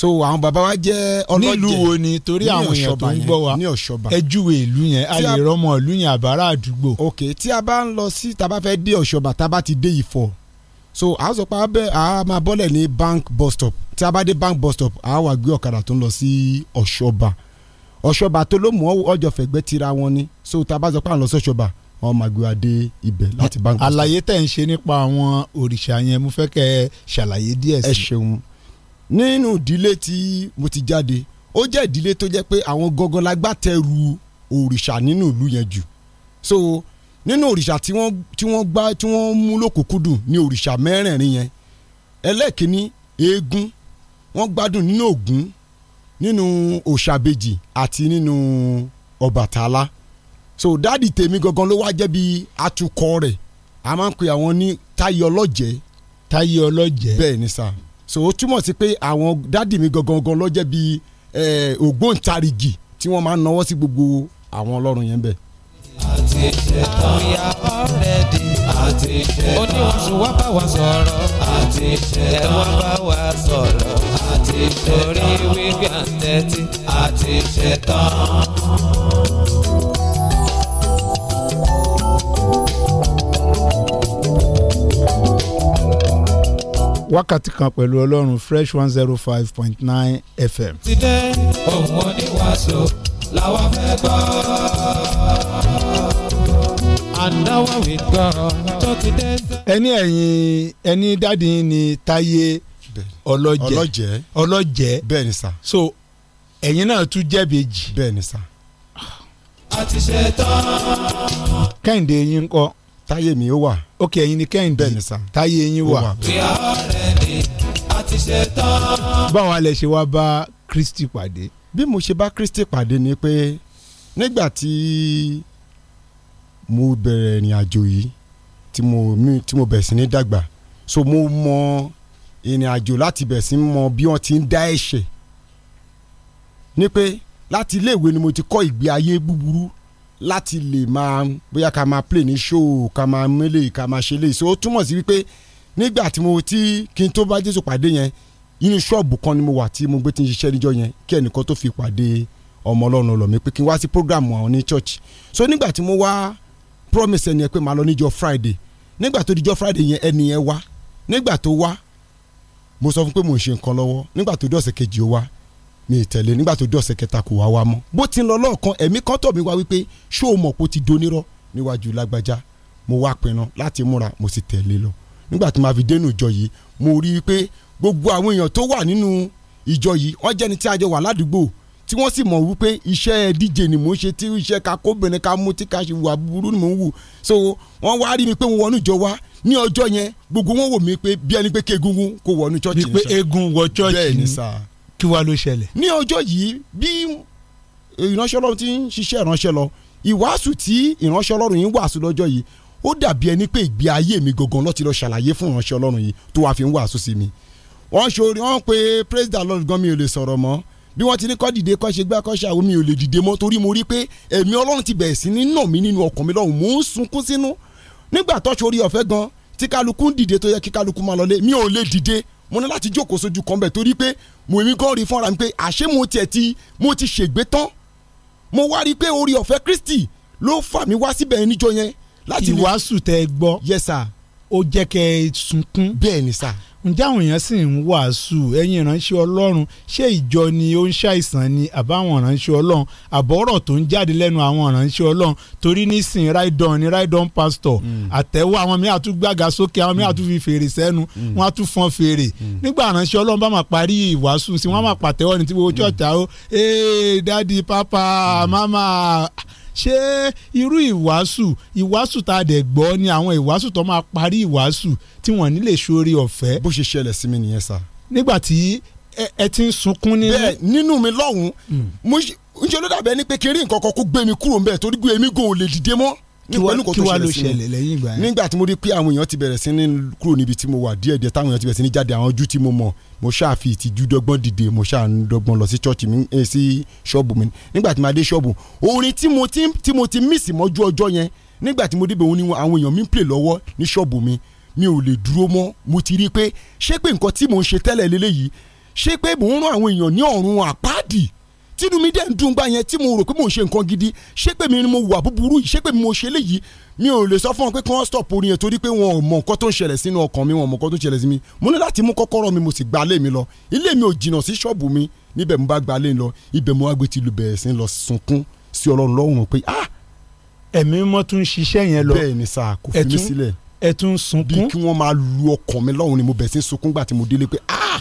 so àwọn bàbá wa jẹ́ ọlọ́jẹ̀ nílùú wo ni torí àwọn èèyàn tó ń gbọ́ wa ní ọ̀ṣọ́ba ẹ júwe ìlú yẹn a lè rọmọ ìlú yẹn àbárà àdúgbò. ok tí a bá ń lọ sí tá a bá fẹ́ dé ọ̀ṣọ́ba tá a bá ti dé ìfọ̀ so a sọ pé abẹ́ a máa bọ́lẹ̀ ní bank bus stop tí a bá dé bank bus stop a wà gbé ọ̀kadà tó ń lọ sí ọ̀ṣọ́ba ọ̀ṣọ́ba tó ló mú ọjọ́ fẹ̀gbẹ́ tira wọn ni so tá a bá sọ pé à ń lọ sọ́ṣọ́ba wọn máa gbé wa dé ibẹ̀ láti bank bus stop. àlàyé tẹ̀ ń ṣe nípa àwọn òrìṣà yẹn mo fẹ́ kẹ́ ẹ ṣàlàyé díẹ̀ sí. ẹ ṣeun nínú ìdílé tí mo ti jáde ó jẹ́ ìdílé tó jẹ́ pé àwọn gọ́gọ́ lágbàtẹ́rù òrìṣà nínú ìlú yẹn jù so nínú òrìṣà tí wọ́n tí wọ́n gbá tí wọ́n mú lókùnkúndùn ní òrìṣà mẹ́rẹ̀ẹ̀rin yẹn ẹlẹ́ẹ̀kínní eégún wọ́n gbádùn nínú ògún nínú òṣàbejì àti nínú ọbàtálá so dáàdì tèmi gangan ló wá jẹ́ bí atukọ rẹ̀ a máa ń pe àwọn ní táyé ọlọ́jẹ́ táyé ọlọ́jẹ́ bẹ́ẹ̀ ni sà so ó túmọ̀ sí pé àwọn dáàdì mi gangan ló jẹ́ bí ògbóǹtarìgì tí wọ́n máa ń nawọ́ sí gbogbo àwọn ọlọ́run yẹn bẹ́ẹ̀ àti ṣetán. we are all ready. àti ṣetán. oníwọ̀nsùn wá bá wa sọ̀rọ̀. àti ṣetán. ẹ wá bá wa sọ̀rọ̀. àti ṣetán. orí wíwí àtẹ́tí. àti ṣetán. wákàtí kan pẹ̀lú ọlọ́run fresh one zero five point nine fm. ti dé ohun oníwàásù làwọn fẹ́ gbọ́ adáwọ̀ wí gbọ́ tó ti dé. ẹni ẹ̀yin ẹni dáàdi ni táyé ọlọ́jẹ́ ọlọ́jẹ́ ọlọ́jẹ́ bẹ́ẹ̀ ni sà. so ẹ̀yin náà tún jẹ́bejì. bẹ́ẹ̀ ni sà. a ti ṣe tán. kẹ́hìndé yín kọ́. táyé mi ó wà. ok ẹ̀yin ni kẹ́hìndé bẹ́ẹ̀ ni sà. táyé yín wà. ìyá ọ̀rẹ́ mi a ti ṣe tán. báwo a ṣe wá bá Kristi pàdé. bí mo ṣe bá Kristi pàdé ni pé nígbà tí mo bẹ̀rẹ̀ ìrìn àjò yìí tí mo tí mo bẹ̀rẹ̀ sí ní dàgbà so mo mọ ìrìn àjò láti bẹ̀rẹ̀ sí mọ bí wọ́n ti ń dá ẹ̀ṣẹ̀ ní pé láti iléèwé ni mo ti kọ́ ìgbé ayé búburú láti lè máa bóyá ká máa play ní show ká máa mélé ká máa ṣe lè so ó túmọ̀ sí wípé nígbà tí mo ti kí n tó bá Jésù pàdé yẹn inú ṣọ́ọ̀bù kan ni mo wà tí mo gbé ti ń ṣiṣẹ́ níjọ́ yẹn kí ẹnìkan tó fi pàdé ọmọ Ọlọ́run lọ pé kí n wá sí programu àwọn ní church so nígbà tí mo wá promise ẹni yẹn pé màá lọ níjọ́ friday nígbà tó dijọ́ friday yẹn ẹni yẹn wá nígbà tó wá mo sọ fún pé mò ń ṣe nǹkan lọ́wọ́ nígbà tó dọ̀sẹ̀ kejì ó wá mi ì tẹ̀lé nígbà tó dọ̀sẹ̀ kẹta kò wá wá mọ́ bó ti ń lọ lọ́ọ̀kan ẹ̀mí kan tọ̀ mí wá wípé ṣó o mọ̀ pé ó ti donírọ́ níwájú lágbájá mo wá pinnu láti múra mo sì tẹ̀lé lọ nígbà tí màá fi dénú ìjọ yìí mo rí i pé gbogbo àwọn èèyàn tó wà nínú ìjọ yìí wọ́n jẹ́ni tí a jọ wà ládùúgbò tí wọ́n sì mọ̀ wípé iṣẹ́ DJ ni mò ń ṣe tí iṣẹ́ ká kóbìnrin ká mú tí ká ṣe wà burú ni mò ń wù so wọ́n wá rí mi pé mo wọnú ìjọ wa ní ọjọ́ yẹn gbogbo wọn wò mí pé bí ẹni pé kegungun kò wọnú chọ́ọ̀chì ni sá. bí pé egun wọ chọ́ọ̀chì kí wàá ló ṣẹlẹ̀. ní ọjọ́ yìí bí ìránṣẹ́ ọlọ́run ti ń ṣiṣẹ́ ìránṣẹ́ lọ ìwàásù tí ìránṣẹ́ ọlọ́run yìí wàásù lọ́jọ́ yìí ó dàbí ẹni pé ìgbé ayé mi gangan lọ́ọ́ lọ́ọ́ ṣàlàyé fún ìránṣẹ́ ọlọ́run yìí tó wàá fi ń wàásù sí mi. wọ́n ṣe orin wọn pé praise the lord gan mi ò lè sọ̀rọ̀ mọ́ bí wọ́n ti ní kọ́ dìde kọ́ ṣe gbá kọ́ ṣàwọ́ mi ò lè dìde mọ́ torí mo rí pé ẹ̀mí ọlọ́run ti bẹ̀rẹ̀ sí ní nà mí nínú ọkàn mi lọ́hùn mò ń sunkún sínú nígbà tọ́ṣọ orí ọ̀fẹ́ gan tí kálukú ń dìde tó yẹ kí kálukú máa lọlé mi ò lè dìde mo ní láti jókòó sójú kan bẹ̀ torí pé mo èmi gan rí fúnra mi pé àṣé mo tiẹ̀ ti mo ti ṣègbé tán mo wá rí pé orí ọ̀fẹ́ Kristi ló fà mí wá síbẹ̀ níjọ yẹn láti ìwàásù tẹ gbọ́ yes sir ó jẹ́ kẹ́ sunkún bẹ́ẹ̀ ni sir ǹjẹ́ àwọn èèyàn sì ń wàásù ẹ̀yin ìránṣẹ́ ọlọ́run ṣé ìjọ ni ó ń ṣàìsàn ni àbáwọn ìránṣẹ́ ọlọ́run àbọ̀rọ̀ tó ń jáde lẹ́nu àwọn ìránṣẹ́ ọlọ́run torí nísìn raidon ni raidon pastor hmm. àtẹ̀wọ́ àwọn míì àtúgbàgà sókè àwọn míì àtúfi fèrè sẹ́nu hmm. wọ́n á tún fọn fèrè hmm. nígbà ìránṣẹ́ ọlọ́run bá máa parí ìwàásù sí wọ́n máa pàtẹ́wọ́ ní tí gbogbo chọ́ọ̀tà ó ee dadi papa mama ṣé irú ìwàásù ìwàásù tá a dẹ̀ gbọ́ ni àwọn ìwàásù tó máa parí ìwàásù tí wọ́n nílè sórí ọ̀fẹ́. bó ṣe ṣẹlẹ̀ sí mi nìyẹn sá. nígbà tí ẹ ti ń sunkún nínú. bẹ́ẹ̀ nínú mi lọ́hùnún hmm. mo ṣe ló dàbẹ́ ni pé kí n rí nǹkan kan kó gbé mi kúrò ń bẹ̀ torí gbé mi gan ò lè dìde mọ́ pẹ̀lú kò tó ṣẹlẹ̀ sí mi nígbà tí mo rí pé àwọn èèyàn ti bẹ̀rẹ̀ sí ní kúrò níbi tí mo wà díẹ̀ díẹ̀ táwọn èèyàn ti bẹ̀rẹ̀ sí ní jáde àwọn ojú tí mo mọ̀ mo ṣáà fi ìtìjú dọ́gbọ́n dìde mo ṣáà ń dọ́gbọ́n lọ sí ṣọ́ọ̀ṣì mi ẹ eh, sí ṣọ́ọ̀bù mi nígbà tí mo dé ṣọ́ọ̀bù orin tí mo ti tí mo ti mísì mọ́jú ọjọ́ yẹn nígbà tí mo débẹ̀ òun ni àwọn èèyàn mi ń play lọ́wọ́ ní ṣọ́ọ̀bù mi mi ò lè dúró mọ́ mo ti rí i pé ṣé pé nǹkan tí mò ń ṣe tẹ́lẹ̀ lélẹ́yìí ṣé pé mò ń rán àwọn èèyàn ní ọ̀run àpáàdì tínú mi dẹ̀ ń dùn gbà yẹn tí mo rò pé mo ṣe nǹkan gidi ṣé pé mi ni mo wà búburú yìí ṣé pé mo ṣe léyìí mi ò lè sọ fún wọn pé kí wọ́n stop orin yẹn torí pé wọn ò mọ nǹkan tó ń ṣẹlẹ̀ sínú ọkàn mi wọn ò mọ nǹkan tó ń ṣẹlẹ̀ sí mi mo ní láti mú kọ́kọ́rọ́ mi mo sì gba ilé mi lọ ilé mi ò jìnnà sí ṣọ́ọ̀bù mi níbẹ̀ mo bá gba ilé lọ ibẹ̀ mo wá gbé tìlù bẹ̀rẹ̀ sí lọ sunkún sí ọlọ́run lọ́rùn pé ah. ẹ̀mí mọ́ tún ṣiṣẹ́ yẹn lọ bẹ́ẹ̀ ni sà kò fi mí sílẹ̀ ẹ tún sunkún bí kí wọ́n máa lu ọkàn mi lọ́rùn ni mo bẹ̀rẹ̀ sí sunkún gbà tí mo délé pé ah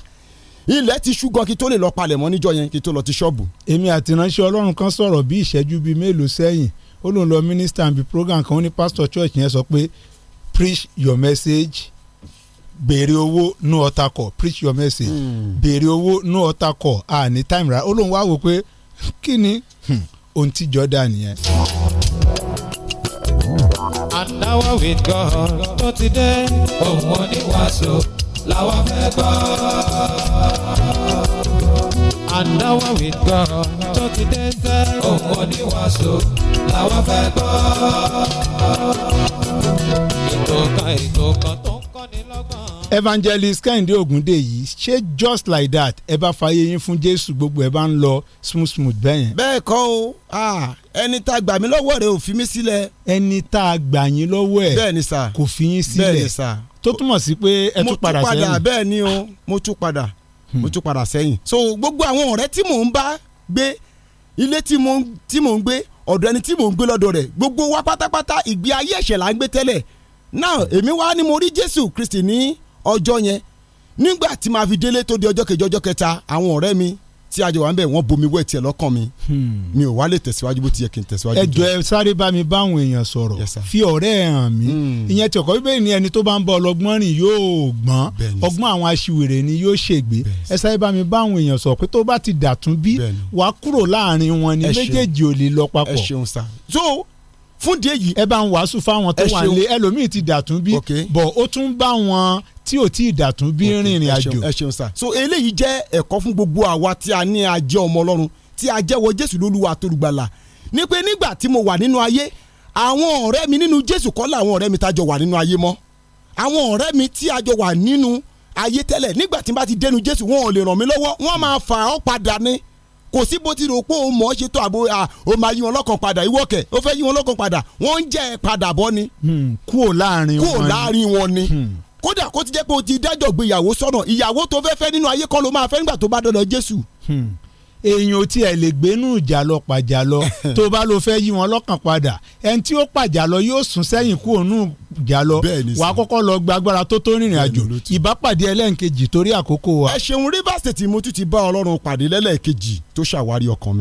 ilẹ̀ ti ṣú gan kí tó lè lọ palẹ̀ mọ́ níjọ́ yẹn kí tó lọ ti ṣọ́ọ̀bù. èmi àti ránṣẹ́ ọlọ́run kan sọ̀rọ̀ bí ìṣẹ́jú bíi mélòó sẹ́yìn ó lóun lọ mínísítà bíi program kan ó ní pastor church yẹn sọ pé preach your message béèrè owó no ọta kọ preach your message hmm. béèrè owó no ọta kọ àní time ra ó lóun wá wò pé kí ni hmm. ohun tí jọ́dá nìyẹn. and now with God tó ti dé òun ò ní wàásù làwọn fẹ́ gbọ́. Àdáwọ̀ wí gbọ́ tó ti dé sẹ́. Òun oníwàásù làwọn fẹ́ gbọ́. Ètò kan ètò kan tó evangelist kẹ́hìndé ògúndèyí ṣé just like that ẹ bá fàyè yín fún jésù gbogbo ẹ bá ń lọ smooth smooth bẹ́ẹ̀ yẹn. bẹ́ẹ̀ kọ́ o ẹni tá a gbà mí lọ́wọ́ rẹ̀ ò fi mí sílẹ̀. ẹni tá a gbà yín lọ́wọ́ ẹ̀ bẹ́ẹ̀ ni sà kò fi yín sílẹ̀ bẹ́ẹ̀ ni sà tó túmọ̀ sí pé ẹ tún padà sẹ́yìn. mo tún padà bẹ́ẹ̀ ni o mo tún padà hmm. mo tún padà sẹ́yìn. so gbogbo àwọn ọ̀rẹ́ tí mò ń bá gbé ilé tí mò ń gbé ọ̀dọ̀ ẹni tí mò ń gbé lọ́dọ̀ rẹ̀ gbogbo wa pátápátá ìgbé ayé ẹ̀ṣẹ̀ là ń gbé tẹ́lẹ̀ náà èmi wá ni mo rí jésù kristi ní ọjọ́ yẹn nígbà tí màá fi délé tó di ọjọ́ kejì ọjọ́ kẹta àwọn ọ̀rẹ́ mi tí a jọ wà ń bẹ̀ wọ́n bomi wẹ̀ tiẹ̀ lọ́kàn mi hmm. mi ò wá lè tẹ̀síwájú bó ti yẹ kí n tẹ̀síwájú. ẹjọ ẹ sáré bá mi báwọn èèyàn sọ̀rọ̀ fi ọ̀rẹ́ ẹ hàn mí hmm. ìyẹn tí ọkọ bíbélì ni ẹni tó bá ń bọ ọlọ́gbọ́n rìn yóò gbọ́n ọgbọ́n àwọn aṣiwèrè ni yóò ṣègbè ẹ sáré bá mi báwọn èèyàn sọ̀rọ̀ pé tó bá ti dàtún bí wà á kúrò láàrin wọn ni méjèèjì ò lè lọ papọ̀. ẹ ṣeun sá fún díẹ̀ ẹ bá ń wàásù fáwọn tó wà nílé ẹlòmíì ti dàtún bí bọ̀ ó tún bá wọn tí ò tí ì dàtún bí rìnrìn àjò. ẹ ṣeun sá so eléyìí jẹ́ ẹ̀kọ́ fún gbogbo àwa tí a ní a jẹ́ ọmọ ọlọ́run tí a jẹ́wọ́ jésù lólúwa àtolùgbàlà ní pé nígbà tí mo wà nínú ayé àwọn ọ̀rẹ́ mi nínú jésù kọ́ làwọn ọ̀rẹ́ mi tájọ wà nínú ayé mọ́ àwọn ọ̀rẹ́ mi tí a jọ wà nínú ayé tẹ́lẹ̀ nígbà tí n bá ti dẹnu jésù wọn ò lè ràn mí lọ́wọ́ wọn máa fà ọ́ padà ni kò sí bó ti rò pé òun mọ̀ ọ́ ṣètò àbò ó máa yí wọn lọ́kàn padà ìwọ kẹ̀ fẹ́ yí wọn lọ́kàn padà wọ́n ń jẹ́ padà bọ́ ni. Hmm, kúò ni kúò láàrin wọn ni hmm kódà kó ti jẹ́ pé o ti dájọ́ gbé ìyàwó sọ́nà ìyàwó tó fẹ́ fẹ́ nínú ayé kan ló máa fẹ́ nígbà tó bá dọ̀dọ̀ Jésù. Hmm. èèyàn tí ẹ lè gbénú ìjà lọ pàjà lọ tó bá lọ fẹ́ yí wọn lọ́kàn padà ẹni tí ó pàjà lọ yóò sún sẹ́yìn kú òun jà wàá kọ́kọ́ lọ gba agbára tó tó rìnrìn àjò ìbápàdé ẹlẹ́ǹkejì torí àkókò wa. ẹ ṣeun Rivers State mo tún ti bá Ọlọ́run pàdé lẹ́lẹ́ẹ̀kejì tó ṣàwárí ọkàn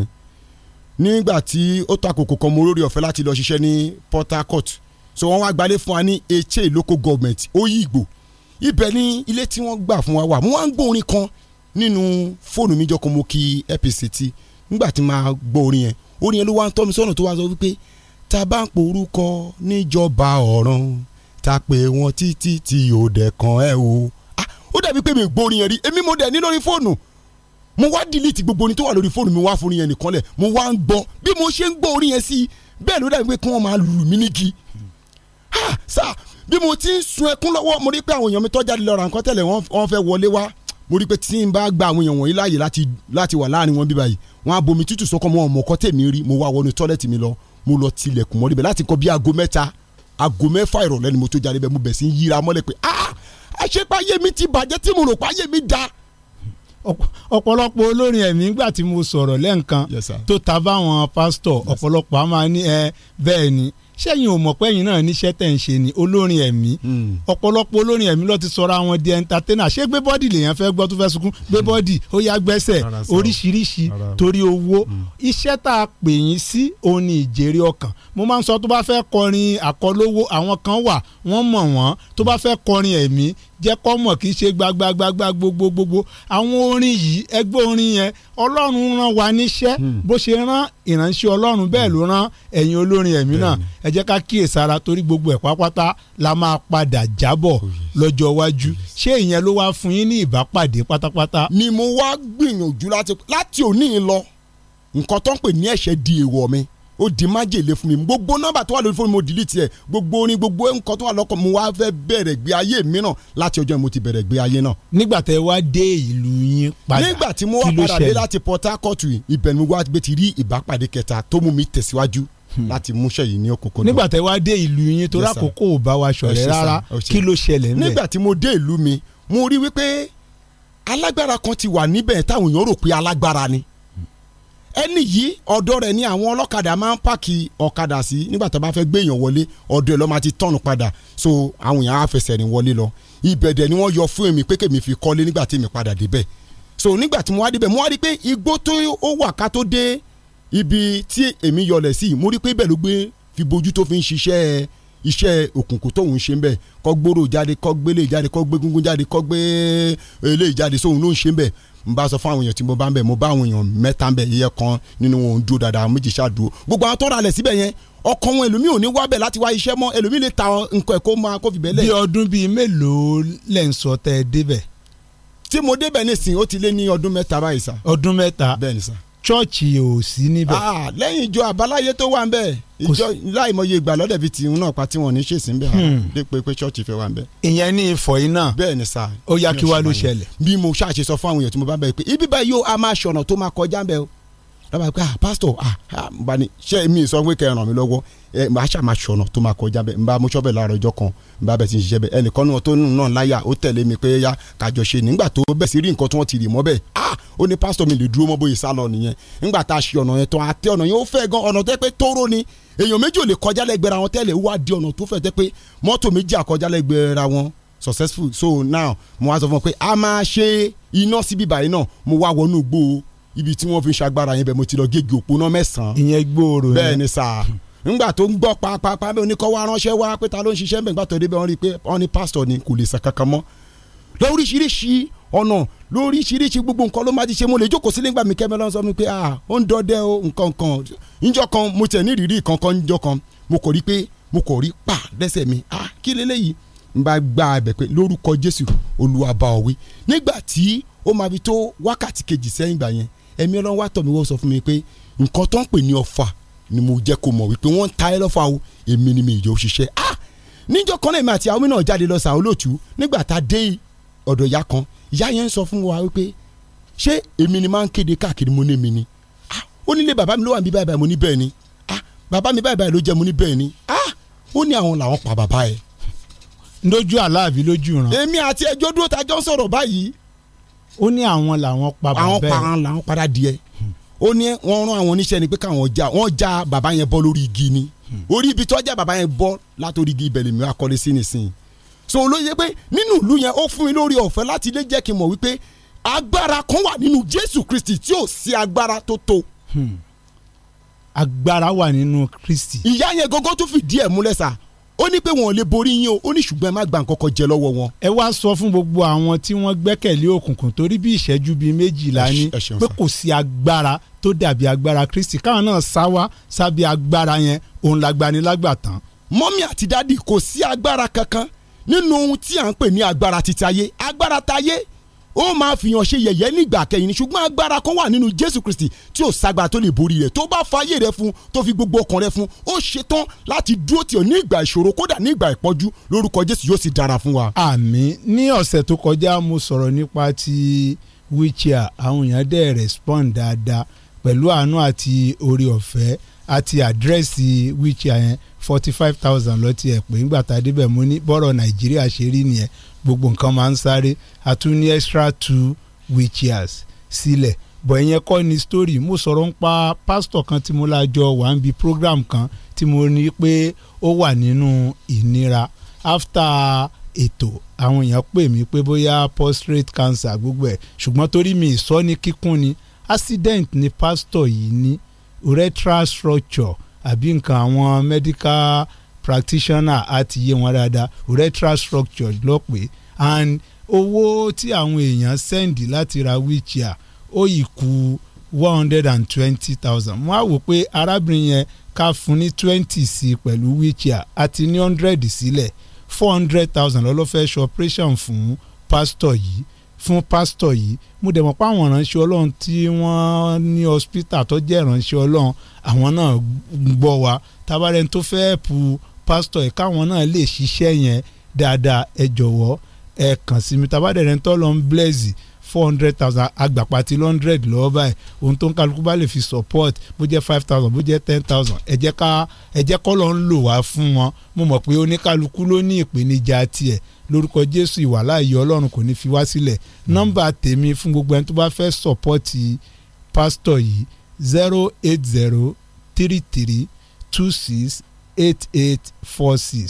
mi nígbà tí ó takòkò kan mo rórí ọ̀fẹ́ láti lọ ṣiṣẹ́ ní Port Harcourt so wọ́n wá gbalẹ̀ fún wa ní eche local government Oyigbo ibẹ̀ ni ilé tí wọ́n gbà fún wa wà mo wá ń gbọ́ orin kan nínú fóònù mi jọ kó mo kí APC tí nígbà tí máa gbọ́ orin yẹn orin yẹn ló wá ń tọ́ mi sọ́nà tó wá sọ wípé ta bá ń porúkọ níjọba ọ̀run ta pé wọn títí tí ò dẹ̀ kan ẹ̀ o ó dàbí pé mi gbọ́ orin yẹn rí èmi mo dẹ̀ ní lórí fóònù mo wá delete gbogbo orin tó wà lórí fóònù mi wá fún orin yẹn nìkan lẹ̀ mo wá ń gbọ́ bí mo ṣe ń gbọ́ orin yẹn sí bẹ́ẹ̀ ló dàbí pé kí wọ́n máa lù mí nígi sá bí mo ti ń sun ẹkún lọ́wọ́ mo rí pé àwọn èèyàn mi tọ́jà lọ́ra nǹkan tẹ̀lé wọ́n fẹ́ wọlé wá mo rí pé tí n bá gba àwọn èèyàn wọ̀nyí láàyè láti wà láàrin wọn bí báyìí wọn á bomi tútù sọkọ mọ ọmọ ọkọ tèmi rí mo wá wọnú tọ́lẹ̀tì mi lọ mo lọ tilẹ̀kùn mọ́ níbẹ̀ láti kọ́ bí aago mẹ́ta aago mẹ́fà ìrọ̀lẹ́ ni mo tó jáde bẹ́ẹ̀ mo bẹ̀ sí ń yíra mọ́lẹ̀ pé ah àṣepáyé mi ti bàjẹ́ tí mo rò páyé mi da ọ̀pọ̀lọpọ̀ olórin ẹ̀mí nígbà tí mo sọ̀rọ̀ lẹ́ǹkan tó ta báwọn pásítọ̀ ọ̀pọ̀lọpọ̀ á máa ní ẹ bẹ́ẹ̀ ni sẹ́yìn ò mọ̀ pé ẹ̀yin náà níṣẹ́ tẹ̀ ń ṣe ni olórin ẹ̀mí hmm. ọ̀pọ̀lọpọ̀ olórin ẹ̀mí ló ti sọra wọn di entertainer ṣé gbé bọ́dì lèèyàn fẹ́ gbọ́ tó fẹ́ sunkún gbé hmm. bọ́dì ó yá gbẹ́sẹ̀ oríṣiríṣi torí owó hmm. iṣẹ́ tá a pè yín sí òun ni ìjèrè ọkàn mo máa ń sọ tó bá fẹ́ kọrin àkọlówó àwọn kan wà wọ́n mọ̀ wọ́n tó bá fẹ́ kọrin ẹ̀mí jẹ́ kọ́ mọ̀ kì í ṣe gbagbagbagba gbogbogbò àwọn orin yìí ẹgbẹ́ orin yẹn ọlọ́run rán wa níṣẹ́ bó ṣe rán ìránṣẹ́ ọlọ́run bẹ́ẹ̀ ló rán ẹ̀yin olórin ẹ̀mí náà ẹ jẹ́ ká kíyè sára torí gbogbo ẹ̀ pápátá la máa padà jábọ̀ oh, lọ́jọ́ iwájú oh, ṣé ìyẹn ló wá fún yín ní ìbápàdé pátápátá. ni mo wá gbìyànjú láti láti òní yìí lọ nǹkan tó ń pè ní ẹ̀ṣẹ̀ di èèwọ̀ mi ó di májèlé fún mi gbogbo nọ́mbà tó wà lórí fóònù mo delete ẹ gbogbo orin gbogbo nǹkan tó wà lọ́kàn mo wá fẹ́ bẹ̀rẹ̀ gbé ayé mìíràn láti ọjọ́ mo ti bẹ̀rẹ̀ gbé ayé náà. nígbà tẹ wá dé ìlú yín padà nígbà tí mo wá padà dé láti Port Harcourt ibẹ̀ ni mo wá gbé ti rí ìbápàdé kẹta tó mú mi tẹ̀síwájú Hmm. láti múṣẹ́ yìí ní òkòkò náà. nígbà tẹ wá dé ìlú yín tó rákòókò ò bá wa ṣọ̀rẹ́ rárá kí ló ṣẹlẹ̀ níbẹ̀. nígbà tí mo dé ìlú mi mo rí wípé alágbára kan ti wà níbẹ̀ táwọn èèyàn rò pé alágbára ni ẹni yìí ọ̀dọ̀ rẹ̀ ni àwọn ọlọ́kadà máa ń pààkì ọ̀kadà sí nígbà bá fẹ́ gbé èèyàn wọlé ọ̀dọ̀ ẹ̀ lọ́ máa ti tọ́nu padà so àwọn èèyàn á fẹsẹ̀ rìn wọlé lọ ibẹ̀dẹ̀ ni wọ́n yọ fún èmi pé kèmi fi kọ́lé nígbà tí èmi padà débẹ̀ so nígbà tí mo wá débẹ̀ mo wá rí pé igbó tó ó wà ká tó dé ibi tí èmi yọlẹ̀ sí mo rí pé bẹ́ẹ̀ ló gbé fi bojú tó fi ń ṣiṣẹ́ iṣẹ́ òkùnkùn tóun ṣe ń bẹ̀ kọ́ gbòòrò jáde kọ́ gbélé jáde kọ́ gbé gungun jáde kọ́ gbé eléyìí jáde sóun ló ń ṣe ń bẹ̀ n bá sọ fún àwọn èèyàn tí mo bá ń bẹ̀ mo bá àwọn èèyàn mẹ́ta ń bẹ̀ yíyẹ kan nínú wọn dúró dáadáa méjì ṣáà gbogbo àwọn tọ́ra alẹ̀ síbẹ̀ yẹn ọkọ wọn ẹlòmíì ò ní wá bẹ̀ láti wá iṣẹ́ mọ́ ẹlòmíì lè ta nǹkan ẹ̀kọ́ máa kó fi bẹ́ẹ̀ bí ọdún bíi mélòó lẹ ń sọ tẹ ẹ débẹ̀. tí mo débẹ̀ nísìnyí ó ti lé ní ọdún mẹ́ta báyìí sá. ọdún mẹ́ta bẹ́ẹ̀ ni sá chọ́ọ̀chì ò sí níbẹ̀. ah lẹ́yìn ìjọ àbáláyé tó wà ń bẹ̀ ìjọ láìmọye ìgbà lọ́dẹ̀ bíi tiwọn náà pa tí wọn ò ní ṣèṣin bẹ́ẹ̀ hmm. dípò pé chọ́ọ̀chì fẹ́ wà ń bẹ̀. ìyẹn ní ìfọ̀ yín náà. bẹ́ẹ̀ ni sá. bí mo ṣàṣe sọ fún àwọn èèyàn tí mo bá bẹ̀ pé ibi báyìí yóò a máa ṣọ̀nà tó máa kọjá ń bẹ̀ o lọ́ba pé ah pastor ah, ah bá ní ṣé mi sọ pé kẹ́ ẹ ràn mí lọ́wọ́ ẹ má ṣàmà ṣọ̀nà tó máa kọjá bẹ́ẹ̀ nbá mo ṣọ́bẹ̀ láàárọ̀ ọjọ́ kan nbá bẹ̀ sí ṣiṣẹ́ bẹ́ẹ̀ ẹnìkan náà tó nù náà láyà ó tẹ̀lé mi pé yá kàjọ ṣe nígbà tó bẹ̀ sí rí nǹkan tí wọ́n ti rì mọ́ bẹ́ẹ̀ ah ó ní pastor mi lè dúró mọ́ bóyá sálọ nìyẹn nígbà tá a ṣe ọ̀nà yẹn tán àti ọ̀nà yẹn ó fẹ́ gan ọ̀nà tẹ́ pé tóró ni èèyàn méjì ò lè kọjá lẹ́gbẹ̀rẹ̀ àwọn tẹ́lẹ̀ wá di ọ̀nà tó fẹ́ tẹ́ pé mọ́tò méjì àkọjá lẹ́gbẹ̀rẹ̀ àwọn successful so now mo wá sọ fún ọ pé a máa ṣe iná síbí báyìí náà mo wá wọnú gbòó ibi tí wọ́n fi ṣagbára yẹn bẹ́ẹ̀ mo ti lọ géègì òpónà mẹ́sàn-án. ìyẹn gbòòrò yẹn bẹ́ẹ̀ ni sà ngbà tó ń gbọ́ pàápàá bẹ́ẹ̀ oníkọ́wá ránṣẹ́ wá pé ta ló ń ṣiṣẹ́ bẹ́ẹ̀ gbàtọ́ débẹ̀ wọ́n rí i pé wọ́n ní pásítọ̀ ni kò lè sàn kankan mọ́ lóríṣiríṣi ọ̀nà lóríṣiríṣi gbogbo nǹkan ló máa ti ṣe mo lè jókòó sílé ńgbà mi kẹ́mi lọ́sọ̀ mi pé pa lẹ́sẹ̀ ah kí leléyìí n bá gba ẹ̀bẹ̀ pé lórúkọ Jésù Olúwa bá ọ wí nígbà tí ó máa ẹ̀mí ọlọ́run wá tọ̀ mí wọ́n sọ fún mi pé nǹkan tó ń pè ní ọ̀fà ni mo jẹ́ kó mọ̀ wípé wọ́n ń ta ẹ́ lọ́fà o èmi ni mi ìjọ òṣìṣẹ́ ah níjọ́ kan náà èmi àti àwọn mìíràn jáde lọ sàá olóòtú nígbà tá a dé ọ̀dọ̀ ìyá kan ìyá yẹn ń sọ fún wa wípé ṣé èmi ni máa ń kéde káàkiri mo ní èmi ni ah ó nílé bàbá mi ló wà ní báyìí mo ní bẹ́ẹ̀ ni ah bàbá mi báyìí báyìí ló jẹ́ mo ní bẹ́ẹ̀ ni ah ó ní àwọn làwọn pa bàbá ẹ̀. lójú àlàáfíà lójú ràn. èmi àti ẹjọ́ dúró ó ní àwọn làwọn pa bàbá yẹn àwọn pa làwọn padà díẹ̀ ó ní wọ́n rán àwọn oníṣẹ́ ni pé káwọn ja wọ́n ja bàbá yẹn bọ́ lórí igi ni orí ibi tó ja bàbá yẹn bọ́ látòrí igi ibẹ̀ lèmi akọ́lé sí nìsín so olóye pé nínú ìlú yẹn ó fún mi lórí ọ̀fẹ́ láti lè jẹ́ kí n mọ̀ wípé agbára kan wà nínú Jésù Kristi tí ò sí agbára tó tó. Hmm. agbára wà nínú Kristi. ìyá yẹn gógó tún fìdí ẹ̀ múlẹ̀ sá ó ní pé wọn ò lè borí yín o ó ní ṣùgbọ́n ẹ má gba nǹkan kan jẹ lọ́wọ́ wọn. ẹ wá sọ fún gbogbo àwọn tí wọ́n gbẹ́kẹ̀lé òkùnkùn torí bí ìṣẹ́jú bíi méjìlá ni pé kò sí agbára tó dàbí agbára Kristi káwọn náà sá wá sábì agbára yẹn òun lágbani lágbà tán. mọ́mí àti dádì kò sí agbára kankan nínú ohun tí à ń pè ní agbára títáyé agbára táyé ó máa fìyàn ṣe yẹ̀yẹ́ nígbà kẹyìn ṣùgbọ́n agbára kan wà nínú Jésù Kristi tí ò sagbára tó lè borí rẹ̀ tó bá fàyè rẹ̀ fún tó fi gbogbo ọkàn rẹ̀ fún ó ṣetán láti dúró tì ọ́ ní ìgbà ìṣòro kódà ní ìgbà ìpọ́jú lórúkọ Jésù yóò sì dára fún wa. àmín ní ọ̀sẹ̀ tó kọjá mo sọ̀rọ̀ nípa ti wheelchair àwọn èèyàn dẹ̀ respond dáadáa pẹ̀lú àánú àti oore ọ̀fẹ́ àti àdírẹ́sì wheelchair yẹn forty five thousand lọ tiẹ̀ pé ńgbà tá a débẹ̀ mo ní bọ́rọ̀ nàìjíríà ṣe rí nìyẹn gbogbo nǹkan máa ń sáré a tún ní extra two wheelchairs sílẹ̀ bọ̀ ìyẹn kọ́ ni story mo sọ̀rọ̀ ń pa pásítọ̀ kan tí mo lájọ wà ń bi program kan tí mo ní pé ó wà nínú ìnira after ètò àwọn èèyàn pè mí pé bóyá prostate cancer gbogbo ẹ̀ ṣùgbọ́n torí mi ìsọ́ ní kíkún ni accident ni pásítọ̀ yìí ní urethral structure àbí nǹkan àwọn medical practitioner àti iye wọn dáadáa urethral structure ló pé and owó tí àwọn èèyàn sẹ́ndì láti ra wheelchair ó yìí kú one hundred and twenty thousand wọ́n á wò pé arábìnrin yẹn ká fún ní twenty sí pẹ̀lú wheelchair àti ní hundred sílẹ̀ four hundred thousand lọ́lọ́fẹ́ ṣe operation fún pastor yìí fún pásítọ̀ yìí mo dẹ̀ mọ̀ pé àwọn ìránṣẹ́ ọlọ́run tí wọ́n ní hospital tó jẹ́ ìránṣẹ́ ọlọ́run àwọn náà gbọ́ wa tabarẹ́ni tó fẹ́ pu pásítọ̀ yìí káwọn náà lè ṣiṣẹ́ yẹn dáadáa ẹ jọ̀wọ́ ẹ kàn sí mi tabarẹ́ni tó lọ ń blẹ́sì four hundred thousand agbàpá ti hundred lọ́wọ́ báyìí ohun tó ń kálukú bá lè fi support bó jẹ́ five thousand bó jẹ́ ten thousand ẹ jẹ́ ká ẹ jẹ́ kọ́ lọ́ ń lò wá fún wọn mo mọ̀ pé oníkálukú ló ní ìpèníjà tiẹ̀ lórúkọ jésù ìwàlá ìyọ ọlọ́run kò ní fi wá sílẹ̀ hmm. nọ́mbà tèmi fún gbogbo ẹni tó bá fẹ́ sọ̀pọ́tì pásítọ̀ yìí zero eight zero three three two six eight eight four six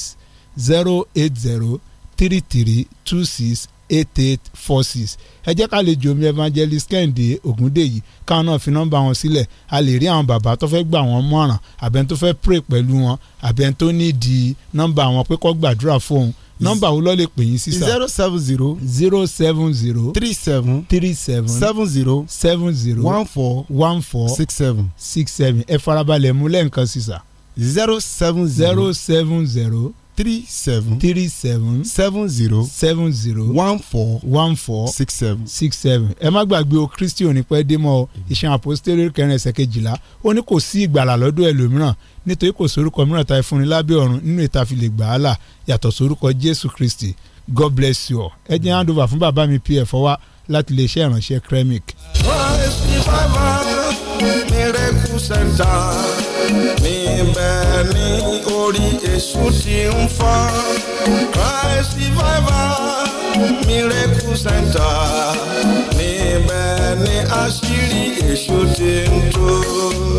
zero eight zero three three two six eight eight four six ẹ jẹ́ ká lè jò mí evangelist kẹ́hìndé ògúndèyí káwọn náà fi nọ́mbà wọn sílẹ̀ a lè rí àwọn bàbá tó fẹ́ gbà wọ́n mọ̀ràn àbẹ̀ tó fẹ́ pray pẹ̀lú wọn àbẹ̀ tó ní di nọ́mbà wọn pé kó gbàdúrà fóun nọ́mbà wo ló lè pè yín sísà. zero seven zero. zero seven zero. three seven. three seven. seven zero. seven zero. one four. one four. six seven. six seven ẹ farabalẹ̀ mú lẹ́ǹkan sísà. zero seven zero seven zero three seven three seven seven zero seven zero one four one four six seven six seven ẹ má gbàgbé o kristi òní pẹ́ démọ̀ ìṣàn àpòsítélì kẹrin ẹsẹ̀ kejìlá ó ní kò sí ìgbàlà lọ́dọ̀ ẹlòmíràn nítorí kò sórúkọ mìíràn tá a fún ni lábẹ́ ọ̀run nínú ìta fi lè gbà á là yàtọ̀ sórúkọ jésù kristi god bless you all ẹ jẹ́ hand over fún bàbá mi pf wa láti lè ṣe ìrànṣẹ́ kremik miracle center níbẹ̀ ní orí èṣù ti ń fọ́ christ revival miracle center níbẹ̀ ẹni àṣírí èso dé ń tó.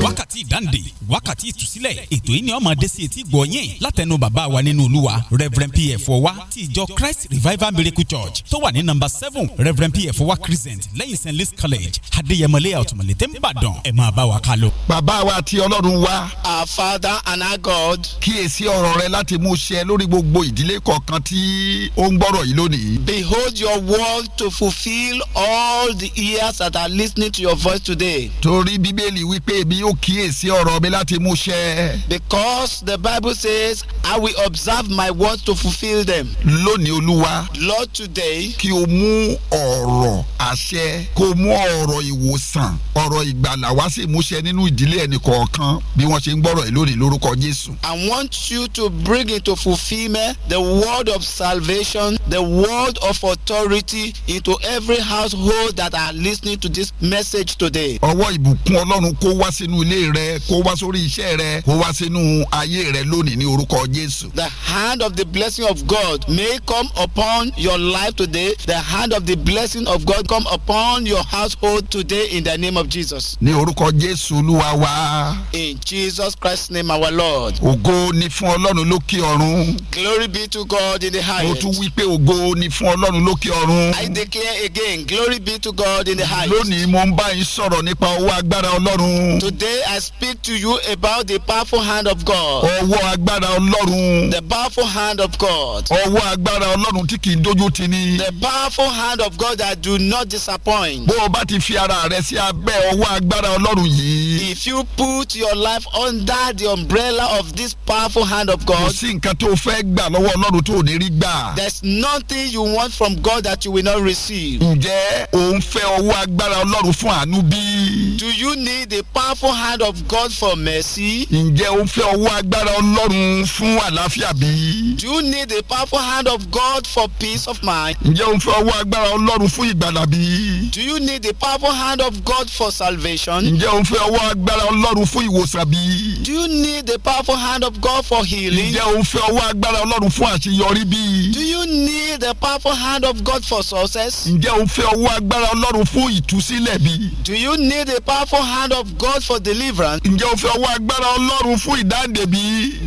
wákàtí ìdáǹdè wákàtí ìtúsílẹ̀ ètò yìí ni ọmọ adé sí etí gbọ̀nyìn látẹnu bàbá wa nínú olúwa reverend pf ọwa ti ìjọ christ revival miracle church tó wà ní nọ́mbà seven reverend pf ọwa crescent lẹ́yìn st louis college adéyẹmọlẹ́ àtùmọ̀lẹ́ tẹ́ ń bàdàn ẹ̀ máa bá wa ká lọ. bàbá wa ti ọlọ́run wa. our father and our god. kíyèsí ọ̀rọ̀ rẹ láti mú ṣẹ lórí gbogbo ìdílé kọ̀ọ̀kan tí ó ń gbọ́rọ̀ yìí lónìí. behold your word to fulfil all the years us that are listening to your voice today. torí bíbélì wípé èmi kíyèsí ọ̀rọ̀ mi láti mú ṣẹ. because the bible says i will observe my words to fulfil them. lónìí olúwa. lord today. kí o mú ọ̀rọ̀ àṣẹ kó o mú ọ̀rọ̀ ìwòsàn ọ̀rọ̀ ìgbàlà wá sí ìmúṣẹ nínú ìdílé ẹnì kọ̀ọ̀kan bí wọ́n ṣe ń gbọ́rọ̀ ẹ̀ lónìí lórúkọ jésù. i want you to bring into fulfilment the word of salvation the word of authority into every household that are listening listening to this message today. ọwọ́ ìbùkún ọlọ́run kó wá sínú ilé rẹ kó wá sórí iṣẹ́ rẹ kó wá sínú ayé rẹ lónìí ní orúkọ jésù. the hand of the blessing of God may come upon your life today the hand of the blessing of God come upon your household today in the name of Jesus. ní orúkọ jésù olúwa wa. in Jesus Christ's name our Lord. ògo ni fún ọlọ́run lókè ọ̀run. glory be to God in the highest. mo tún wí pé ògo ni fún ọlọ́run lókè ọ̀run. I declare again glory be to God in the highest. light. lónìí mo ń bá yín sọ̀rọ̀ nípa ọwọ́ agbára ọlọ́run. today I speak to you about the powerful hand of God. ọwọ́ agbára ọlọ́run. the powerful hand of God. ọwọ́ agbára ọlọ́run tí kì í dojú tì the powerful hand of God that do not disappoint. bó o bá ti fi ara rẹ sí abẹ́ ọwọ́ agbára ọlọ́run yìí. if you put your life under the umbrella of this powerful hand of God. kò sí nǹkan tó fẹ́ gbà lọ́wọ́ ọlọ́run tó ní rí gbà. there is nothing you want from God that you will not receive. ǹjẹ́ òun fẹ́ ọwọ́ agbára agbára ọlọ́run fún àánú bí? Do you need the powerful hand of God for mercy? Ǹjẹ́ o fẹ́ ọwọ́ agbára ọlọ́run fún àlàáfíà bí? Do you need the powerful hand of God for peace of mind? Ǹjẹ́ o fẹ́ ọwọ́ agbára ọlọ́run fún ìgbàlà bí? Do you need the powerful hand of God for salvation? Ǹjẹ́ o fẹ́ ọwọ́ agbára ọlọ́run fún ìwòsàn bí? Do you need the powerful hand of God for healing? Ǹjẹ́ o fẹ́ ọwọ́ agbára ọlọ́run fún àṣeyọrí bí? Do you need the powerful hand of God for success? Ǹjẹ́ o fẹ́ ọwọ́ agbára ọlọ́run fún ìtúsílẹ̀ bí? Do you need a powerful hand of God for deliverance? Ǹjẹ́ o fẹ́ ọwọ́ agbára Ọlọ́run fún ìdáǹdè bí?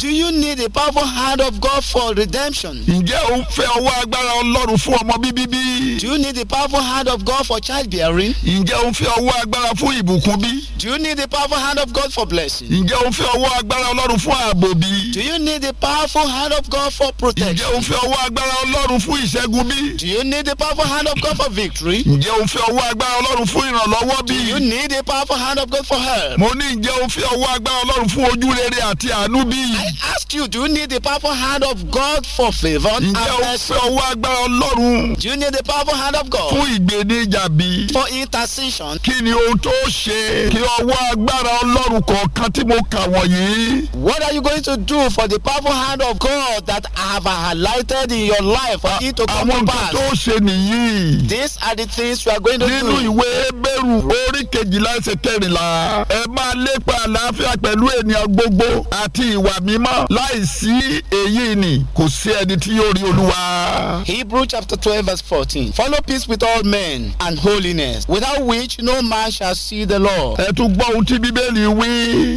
Do you need a powerful hand of God for redemption? Ǹjẹ́ o fẹ́ ọwọ́ agbára Ọlọ́run fún ọmọ bíbí bí? Do you need a powerful hand of God for childbearing? Ǹjẹ́ o fẹ́ ọwọ́ agbára fún ìbùkún bí? Do you need a powerful hand of God for blessing? Ǹjẹ́ o fẹ́ ọwọ́ agbára Ọlọ́run fún ààbò bí? Do you need a powerful hand of God for protection? Ǹjẹ́ o fẹ́ ọwọ́ agbára Ọlọ́run fún ìṣẹ́gun bí? Do you need a powerful hand of God for victory? Ǹjẹ́ o fẹ́ ọwọ́ agbára ọlọ́run fún ìrànlọ́wọ́ bí. you need a powerful hand of God for help. mo ní ǹjẹ́ o fi ọwọ́ agbára ọlọ́run fún ojú rere àti àánú bí. I ask you do you need the powerful hand of God for favour and mercy. ǹjẹ́ o fi ọwọ́ agbára ọlọ́run. do you need the powerful hand of God. fún ìgbéníjà bí. for intercession. kí ni ohun tó ṣe. kí ọwọ́ agbára ọlọ́run kọ̀ọ̀kan tí mo kà wọ̀nyí. what are you going to do for the powerful hand of God that I have highlighted in your life for it to come to àwọn nǹkan tó ṣe nìyí. these are the things you are going to do. nínú ìwé bẹ́rù orí kejìlá ẹsẹ̀ kẹrìnlá ẹ máa lépa àlàáfíà pẹ̀lú ènìyàn gbogbo àti ìwà mímọ́ láìsí èyí ni kò sí ẹni tí yóò rí olúwa. Hebrew chapter twelve verse fourteen follow peace with all men and holiness without which no man shall see the Lord. ẹ tún gbọ́ ohun tí bíbélì wí.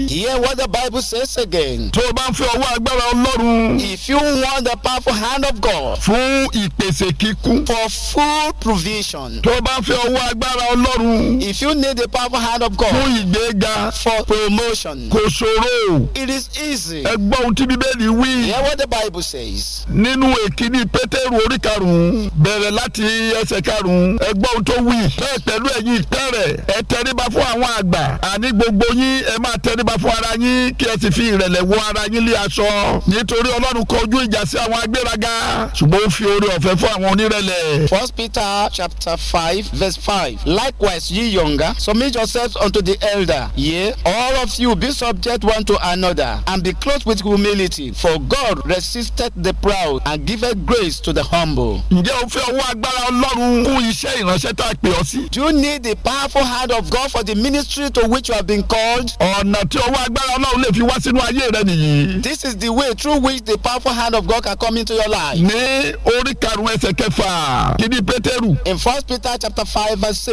hear what the bible says again. tó o bá ń ọwọ́ agbára ọlọ́run. if you want the powerful hand of God. fún ìpèsè kíkún. for full provision. tó o bá ń ọwọ́ agbára agbára ọlọ́run. if you need the powerful hand of God. fún ìgbéga. for promotion. kò ṣòro. it is easy. ẹ gbọ́ ohun tí bíbélì wí. hear what the bible says. nínú èkíní pétérù orí karùn-ún bẹ̀rẹ̀ láti ẹsẹ̀ karùn-ún ẹ gbọ́ ohun tó wí. bẹ́ẹ̀ pẹ̀lú ẹ̀yin ìtẹ́ ẹ tẹríba fún àwọn àgbà àní gbogbo yín ẹ máa tẹríba fún ara yín kí ẹ sì fi ìrẹ̀lẹ̀ wọ ara yín lé aṣọ. nítorí ọlọ́run kọjú ìjà sí àwọn agbéraga ṣùgbọ́n ó fi oore ọ̀fẹ́ fún àwọn onírẹ̀lẹ̀. first peter chapter five verse five Likewise, ye younger, submit yourselves unto the elder. Yea, all of you be subject one to another, and be clothed with humility. For God resisteth the proud and giveth grace to the humble. Ǹjẹ́ o fẹ́ ọwọ́ agbára Ọlọ́run kún iṣẹ́ ìránṣẹ́ tá a ọ́ sí? Do you need the powerful hand of God for the ministry to which you have been called? Ọ̀nà tí ọwọ́ agbára Ọlọ́run lè fi wá sínú ayé rẹ nìyí. This is the way through which the powerful hand of God can come into your life. Ní orí karùn-ún ẹsẹ̀ kẹfà, kí ni Pétérù? In First Peter chapter five verse six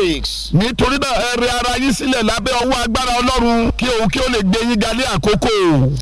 nítorí náà ẹ ara yín sílẹ̀ lábẹ́ ọwọ́ agbára Ọlọ́run kí òun kí ó lè gbé yín ga ní àkókò.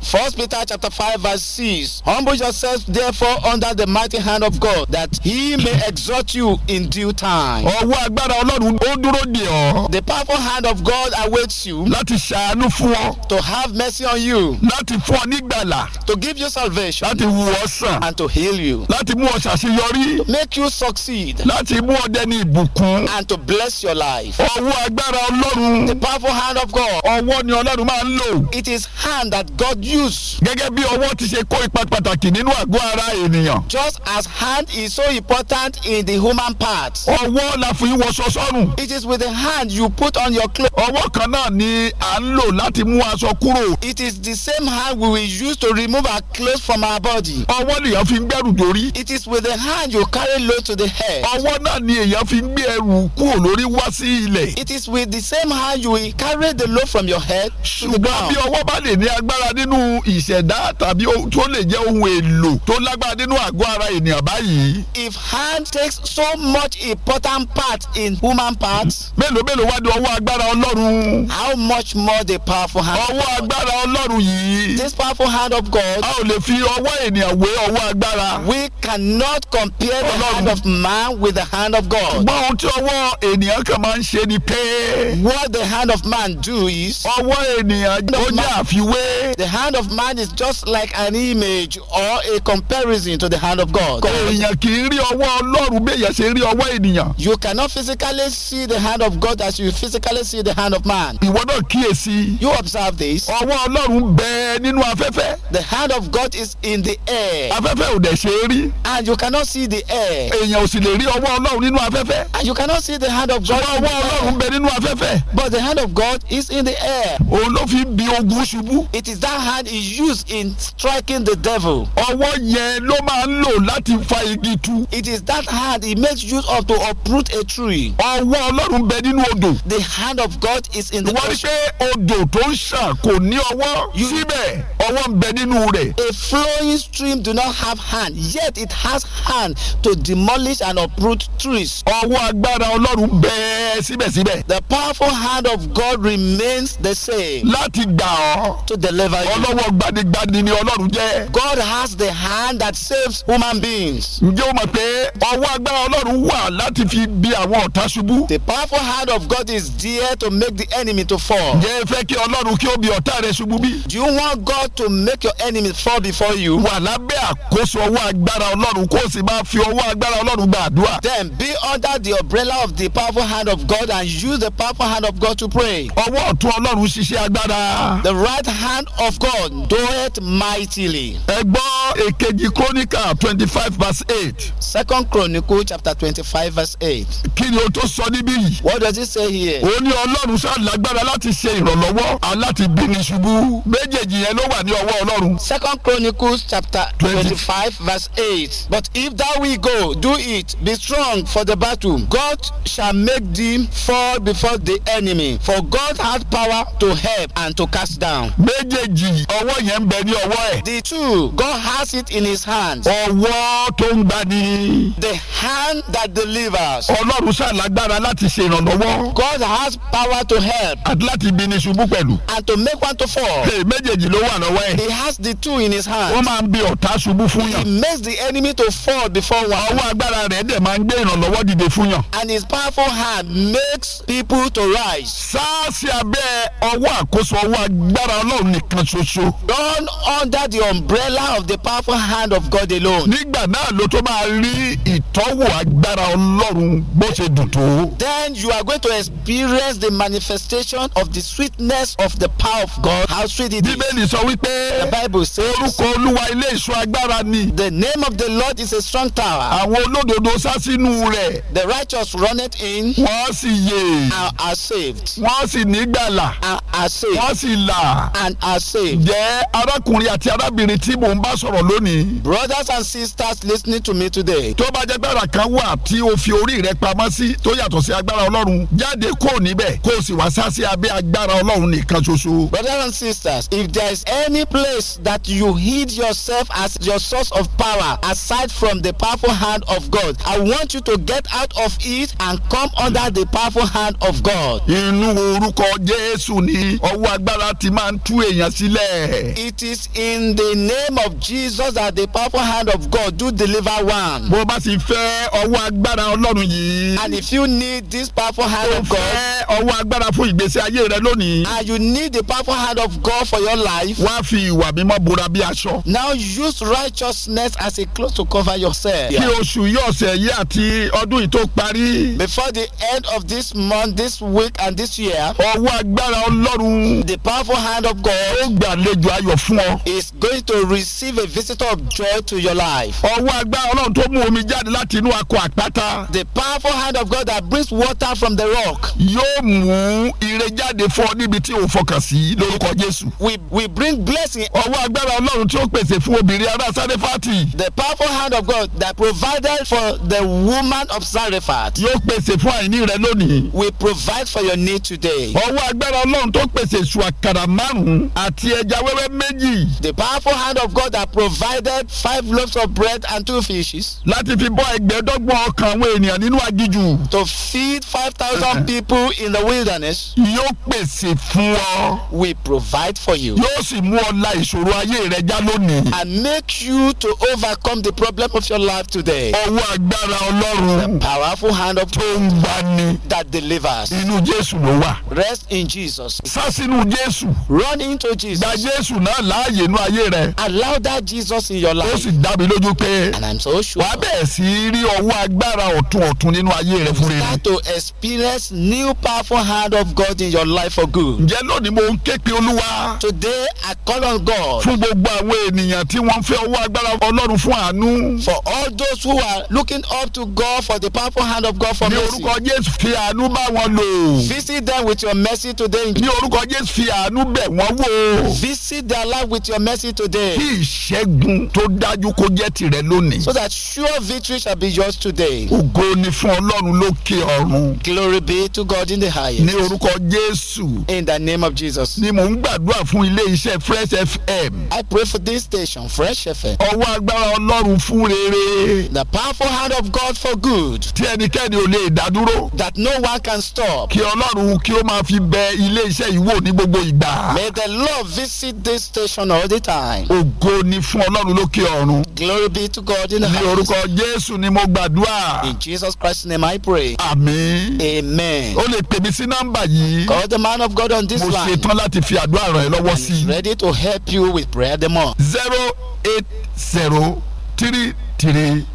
First Peter chapter five verse six humble yourselves therefore under the mighty hand of God that he may exalt you in due time. ọwọ́ agbára Ọlọ́run ó dúró dè ọ́. The powerful hand of God awaits you. láti ṣàánú fún ọ. to have mercy on you. láti fún ọ nígbàlà. to give you salvation. láti wù ọ sàn. and to heal you. láti mú ọ ṣàṣeyọrí. to make you succeed. láti mú ọ dẹni ìbùkún. and to bless your your life. ọwọ́ agbára ọlọ́run. the powerful hand of God. ọwọ́ ni ọlọ́run máa ń lò. it is hand that God used. gẹ́gẹ́ bí ọwọ́ ti ṣe kó ipa pàtàkì nínú àgọ́ ara ènìyàn. just as hand is so important in the human part. ọwọ́ la fi wọṣọ sọ́rùn. it is with the hand you put on your clothes. ọwọ́ kan náà ni à ń lò láti mú aṣọ kúrò. it is the same hand we will use to remove our clothes from our body. ọwọ́ lèèyàn fi ń gbẹ́rù dórí. it is with the hand you carry load to the head. ọwọ́ náà ni èèyàn fi ń gbé ẹrù kúrò lórí w wá sí ilẹ̀. it is with the same hand you carry the load from your head to the ground. ṣùgbọ́n bí ọwọ́ bá lè ní agbára nínú ìṣẹ̀dá tàbí tó lè jẹ́ ohun èlò tó lágbára nínú àgọ́ ara ènìyàn báyìí. if hand takes so much important part in human parts. mélòó mélòó wá di ọwọ́ agbára ọlọ́run. how much more the powerful hand. ọwọ́ agbára ọlọ́run yìí. this powerful hand of God. a ò lè fi ọwọ́ ènìyàn wé ọwọ́ agbára. we cannot compare the hand of man with the hand of God. ṣùgbọ́n ohun tí ọwọ́ ènìyàn kàn máa ń ṣe ni pé. what the hand of man do is. ọwọ́ ènìyàn ó ní àfiwé. the hand of man is just like an image or a comparison to the hand of God. èèyàn kì í rí ọwọ́ ọlọ́run bí èèyàn ṣe rí ọwọ́ ènìyàn. you cannot physically see the hand of God as you physically see the hand of man. ìwọ náà kíyèsí. you observe this. ọwọ́ ọlọ́run bẹ nínú afẹ́fẹ́. the hand of God is in the air. afẹ́fẹ́ ò dẹ̀ ṣe é rí. and you cannot see the air. èèyàn ò sì lè rí ọwọ́ ọlọ́run nínú afẹ́fẹ́. and you cannot see the hand of God. ọwọ́ ọlọ́run bẹ nínú afẹ́fẹ́. but the hand of God is in the air. òun ló fi bí ogun ṣubú. it is that hand he used in striking the devil. ọwọ́ yẹn ló máa ń lò láti fa igi tu. it is that hand he makes use of to uproot a tree. ọwọ́ ọlọ́run bẹ nínú odò. the hand of God is in the wọ́n ní odò tó ń ṣàn kò ní ọwọ́ síbẹ̀ ọwọ́ ń bẹ nínú rẹ̀. a flowing stream do not have hand yet it has hand to demolish and uproot trees. ọwọ́ agbára ọlọ́run bẹ́ẹ̀. síbẹ̀síbẹ̀. the powerful hand of God remains the same. láti gbà ọ́. to deliver you. ọlọ́wọ́ gbadigbadi ni ọlọ́run jẹ́. God has the hand that saves human beings. ǹjẹ́ o mọ̀ pé ọwọ́ agbára ọlọ́run wà láti fi bí àwọn ọ̀tá ṣubú. the powerful hand of God is there to make the enemy to fall. ǹjẹ́ ẹ fẹ́ kí ọlọ́run kí ó bí ọ̀tá rẹ ṣubú bí? do you want God to make your enemy fall before you? wà lábẹ́ àkóso ọwọ́ agbára ọlọ́run kó o sì máa fi ọwọ́ agbára ọlọ́run gbàdúrà. then be under the umbrella of the powerful hand. hand of God and use the powerful hand of God to pray. Ọwọ́ ọ̀tún Ọlọ́run ṣiṣẹ́ agbára. The right hand of God Do it mightily. Ẹ gbọ́ èkejì Chronicle twenty five verse eight. Second Chronicle chapter twenty-five verse eight. Kí ni o tó sọ níbí yìí? What does it say here? Ó ní Ọlọ́run ṣáà lágbára láti ṣe ìrànlọ́wọ́ aláti bí ni ṣubú. Méjèèjì yẹn ló wà ní ọwọ́ Ọlọ́run. Second Chronicles chapter twenty-five verse eight. But if thou will go, do it, be strong for the battle. God shall make them fall before the enemy for God has power to help and to cast down. méjèèjì ọwọ́ yẹn bẹ ní ọwọ́ ẹ̀. the two God has it in his hand. ọwọ́ tó ń gbani. the hand that delivers. ọlọ́run ṣàlágbára láti ṣe ìrànlọ́wọ́. God has power to help. àti láti bí ni ṣubú pẹ̀lú. and to make one to fall. ee méjèèjì ló wà lọ́wọ́ ẹ̀. he has the two in his hand. ó máa ń bí ọ̀tá ṣubú fún yàn. he makes the enemy to fall before one. ọwọ́ agbára rẹ̀ dẹ̀ máa ń gbé ìrànlọ́wọ́ dìde fún yàn. and his powerful hand and makes people to rise. sáàsì abẹ́ ọwọ́ àkóso ọwọ́ agbára ọlọ́run nìkan ṣoṣo. run under the umbrella of the powerful hand of God alone. nígbà náà ló tó máa rí ìtọ́wò agbára ọlọ́run bó ṣe dùn tó. then you are going to experience the manifestation of the sweetness of the power of God. how sweet it is. bíbélì sọ wípé. the bible says. orúkọ olúwa ilé ìṣọ́ agbára ni. the name of the lord is a strong tower. àwọn olódodo sá sínú rẹ̀. the righteous run it in wọ́n sì yè. and are saved. wọ́n sì nígbàlà. and are saved. wọ́n sì là. and are saved. jẹ́ arákùnrin àti arábìnrin tí mò ń bá sọ̀rọ̀ lónìí. brothers and sisters listening to me today. tó bá jẹ́ gbàrà kan wà tí o fi orí rẹ pamọ́ sí tó yàtọ̀ sí agbára Ọlọ́run jáde kúrò níbẹ̀ kó o sì wá sá sí abẹ́ agbára Ọlọ́run nìkan ṣoṣo. brothers and sisters if there is any place that you hid yourself as your source of power aside from the powerful hand of God I want you to get out of it and come on under the powerful hand of God. Inú orúkọ Jésù ni ọwọ́ agbára ti máa ń tú èèyàn sílẹ̀. It is in the name of Jesus that the powerful hand of God do deliver one. Bó o bá sì fẹ́ ọwọ́ agbára Ọlọ́run yìí. And if you need this powerful hand of God. O fẹ́ ọwọ́ agbára fún ìgbésí ayé rẹ lónìí. And you need the powerful hand of God for your life. Wá fi ìwà mímọ́ bora bí aṣọ. Now use righteousness as a cloth to cover yourself. Kí oṣù yóò ṣẹ̀yẹ́ àti ọdún yìí tó parí. Before the end of this month, this week, and this year. Ọwọ́ agbára Ọlọ́run. The powerful hand of God. Ó gbàlejò ayọ̀ fún ọ. Is going to receive a visitor of joy to your life. Ọwọ́ agbára Ọlọ́run tó mú omi jáde láti inú akọ àpáta. The powerful hand of God that brings water from the rock. Yóò mú ire jáde fún ọ níbi tí o fọkàn sí lórúkọ Jésù. We we bring blessing. Ọwọ́ agbára Ọlọ́run tí ó pèsè fún obìnrin ará The powerful hand of God that provided for the woman of Sárẹ́fàtì. Yóò pèsè fún àyè rẹ lónìí. we provide for your need today. ọwọ́ agbára ọlọ́run tó èso àkàrà márùn-ún àti ẹja wẹ́wẹ́ méjì. the powerful hand of God that provided five loaves of bread and two fishes. láti fi bọ́ ẹgbẹ̀ẹ́dọ́gbọ̀n ọkàn àwọn ènìyàn nínú aginjù. to feed five thousand people in the wilderness. yóò pèsè fún ọ. we provide for you. yóò sì mú ọ ìṣòro ayé rẹ já lónìí. and make you to overcome the problem of your life today. ọwọ́ agbára ọlọ́run. the powerful hand of God. tó ń gba ni. that delivers. inú jésù ló wà. rest in jesus. sá sínú jésù. run into jesus. gba jésù náà láàyè inú ayé rẹ. allow that jesus in your life. ó sì dá lójú pé. and i'm so sure. wàá bẹ̀rẹ̀ sí rí ọwọ́ agbára ọ̀tun ọ̀tun nínú ayé rẹ fún rere. start to experience new powerful hand of God in your life for good. ǹjẹ́ lónìí mo ń ké pe olúwa. today I call on God. fún gbogbo àwọn ènìyàn tí wọ́n fẹ́ ọwọ́ agbára ọlọ́run fún àánú. for all those who are looking up to God for the powerful hand of God for mercy. ní orúkọ jésù fi àánú bá wọn lò. visit them with your mercy today. ní orúkọ jésù fi àánú bẹ̀ wọ́n wò. visit their life with your mercy today. kí ìṣẹ́gun tó dájú kó jẹ́ tìrẹ lónìí. so that sure victory shall be yours today. ògo ni fún ọlọ́run lókè ọ̀run. glory be to God in the highest. ní orúkọ jésù. in the name of Jesus. ni mò ń gbàdúrà fún ilé iṣẹ́ fresh fm. i pray for this station fresh fm. ọwọ́ agbára ọlọ́run fún rere. the powerful hand of God for good. tí ẹnikẹ́ni ò lè dádúró that no one can stop. kí ọlọ́run kí ó máa fi bẹ ilé iṣẹ́ yìí wò ní gbogbo ìgbà. may the Lord visit this station all the time. ògo ni fún ọlọ́run lókè ọ̀run. glory be to God in the highest. ní orúkọ Jésù ni mo gbàdúrà. in Jesus Christ's name I pray. àmín. amen. o lè pè mí sí nọ́mbà yìí. call the man of God on this line. mo ṣetán láti fi àdúrà ràn lọ́wọ́ sí i. ready to help you with prayer the more. zero eight zero three three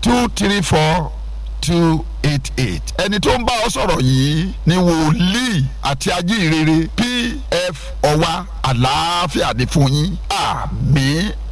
two three four. two eight eight ẹni tó ń bá ọ sọ̀rọ̀ yìí ni wòlíì àti ajíhìnrere pf ọwa àlàáfíà ni fún yín àmì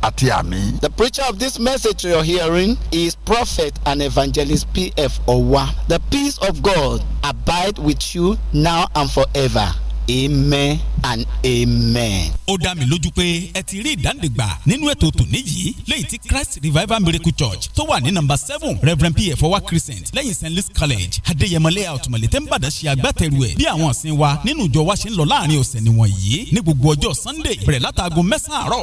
àti àmì. The preacher of this message you're hearing is prophet and evangelist pf ọwa. The peace of God abide with you now and forever. amen and amen. ó dá mi lójú pé ẹ ti rí ìdánidìgbà nínú ètò tòní yìí lẹ́yìn tí christ revival miracle church tó wà ní nàmbà seven reverend pf ọwá crescent lẹ́yìn st louis college adéyẹmọlẹ́ àtùmọ̀lẹ́ tẹ́ ń bàdá ṣe agbátẹrù ẹ̀ bí àwọn ọ̀sìn wa nínú ìjọ wa ṣe ń lọ láàrin ọ̀sẹ̀ nìwọ̀nyí ní gbogbo ọjọ́ sunday bẹ̀rẹ̀ látàgọ́ mẹ́sàn-án àárọ̀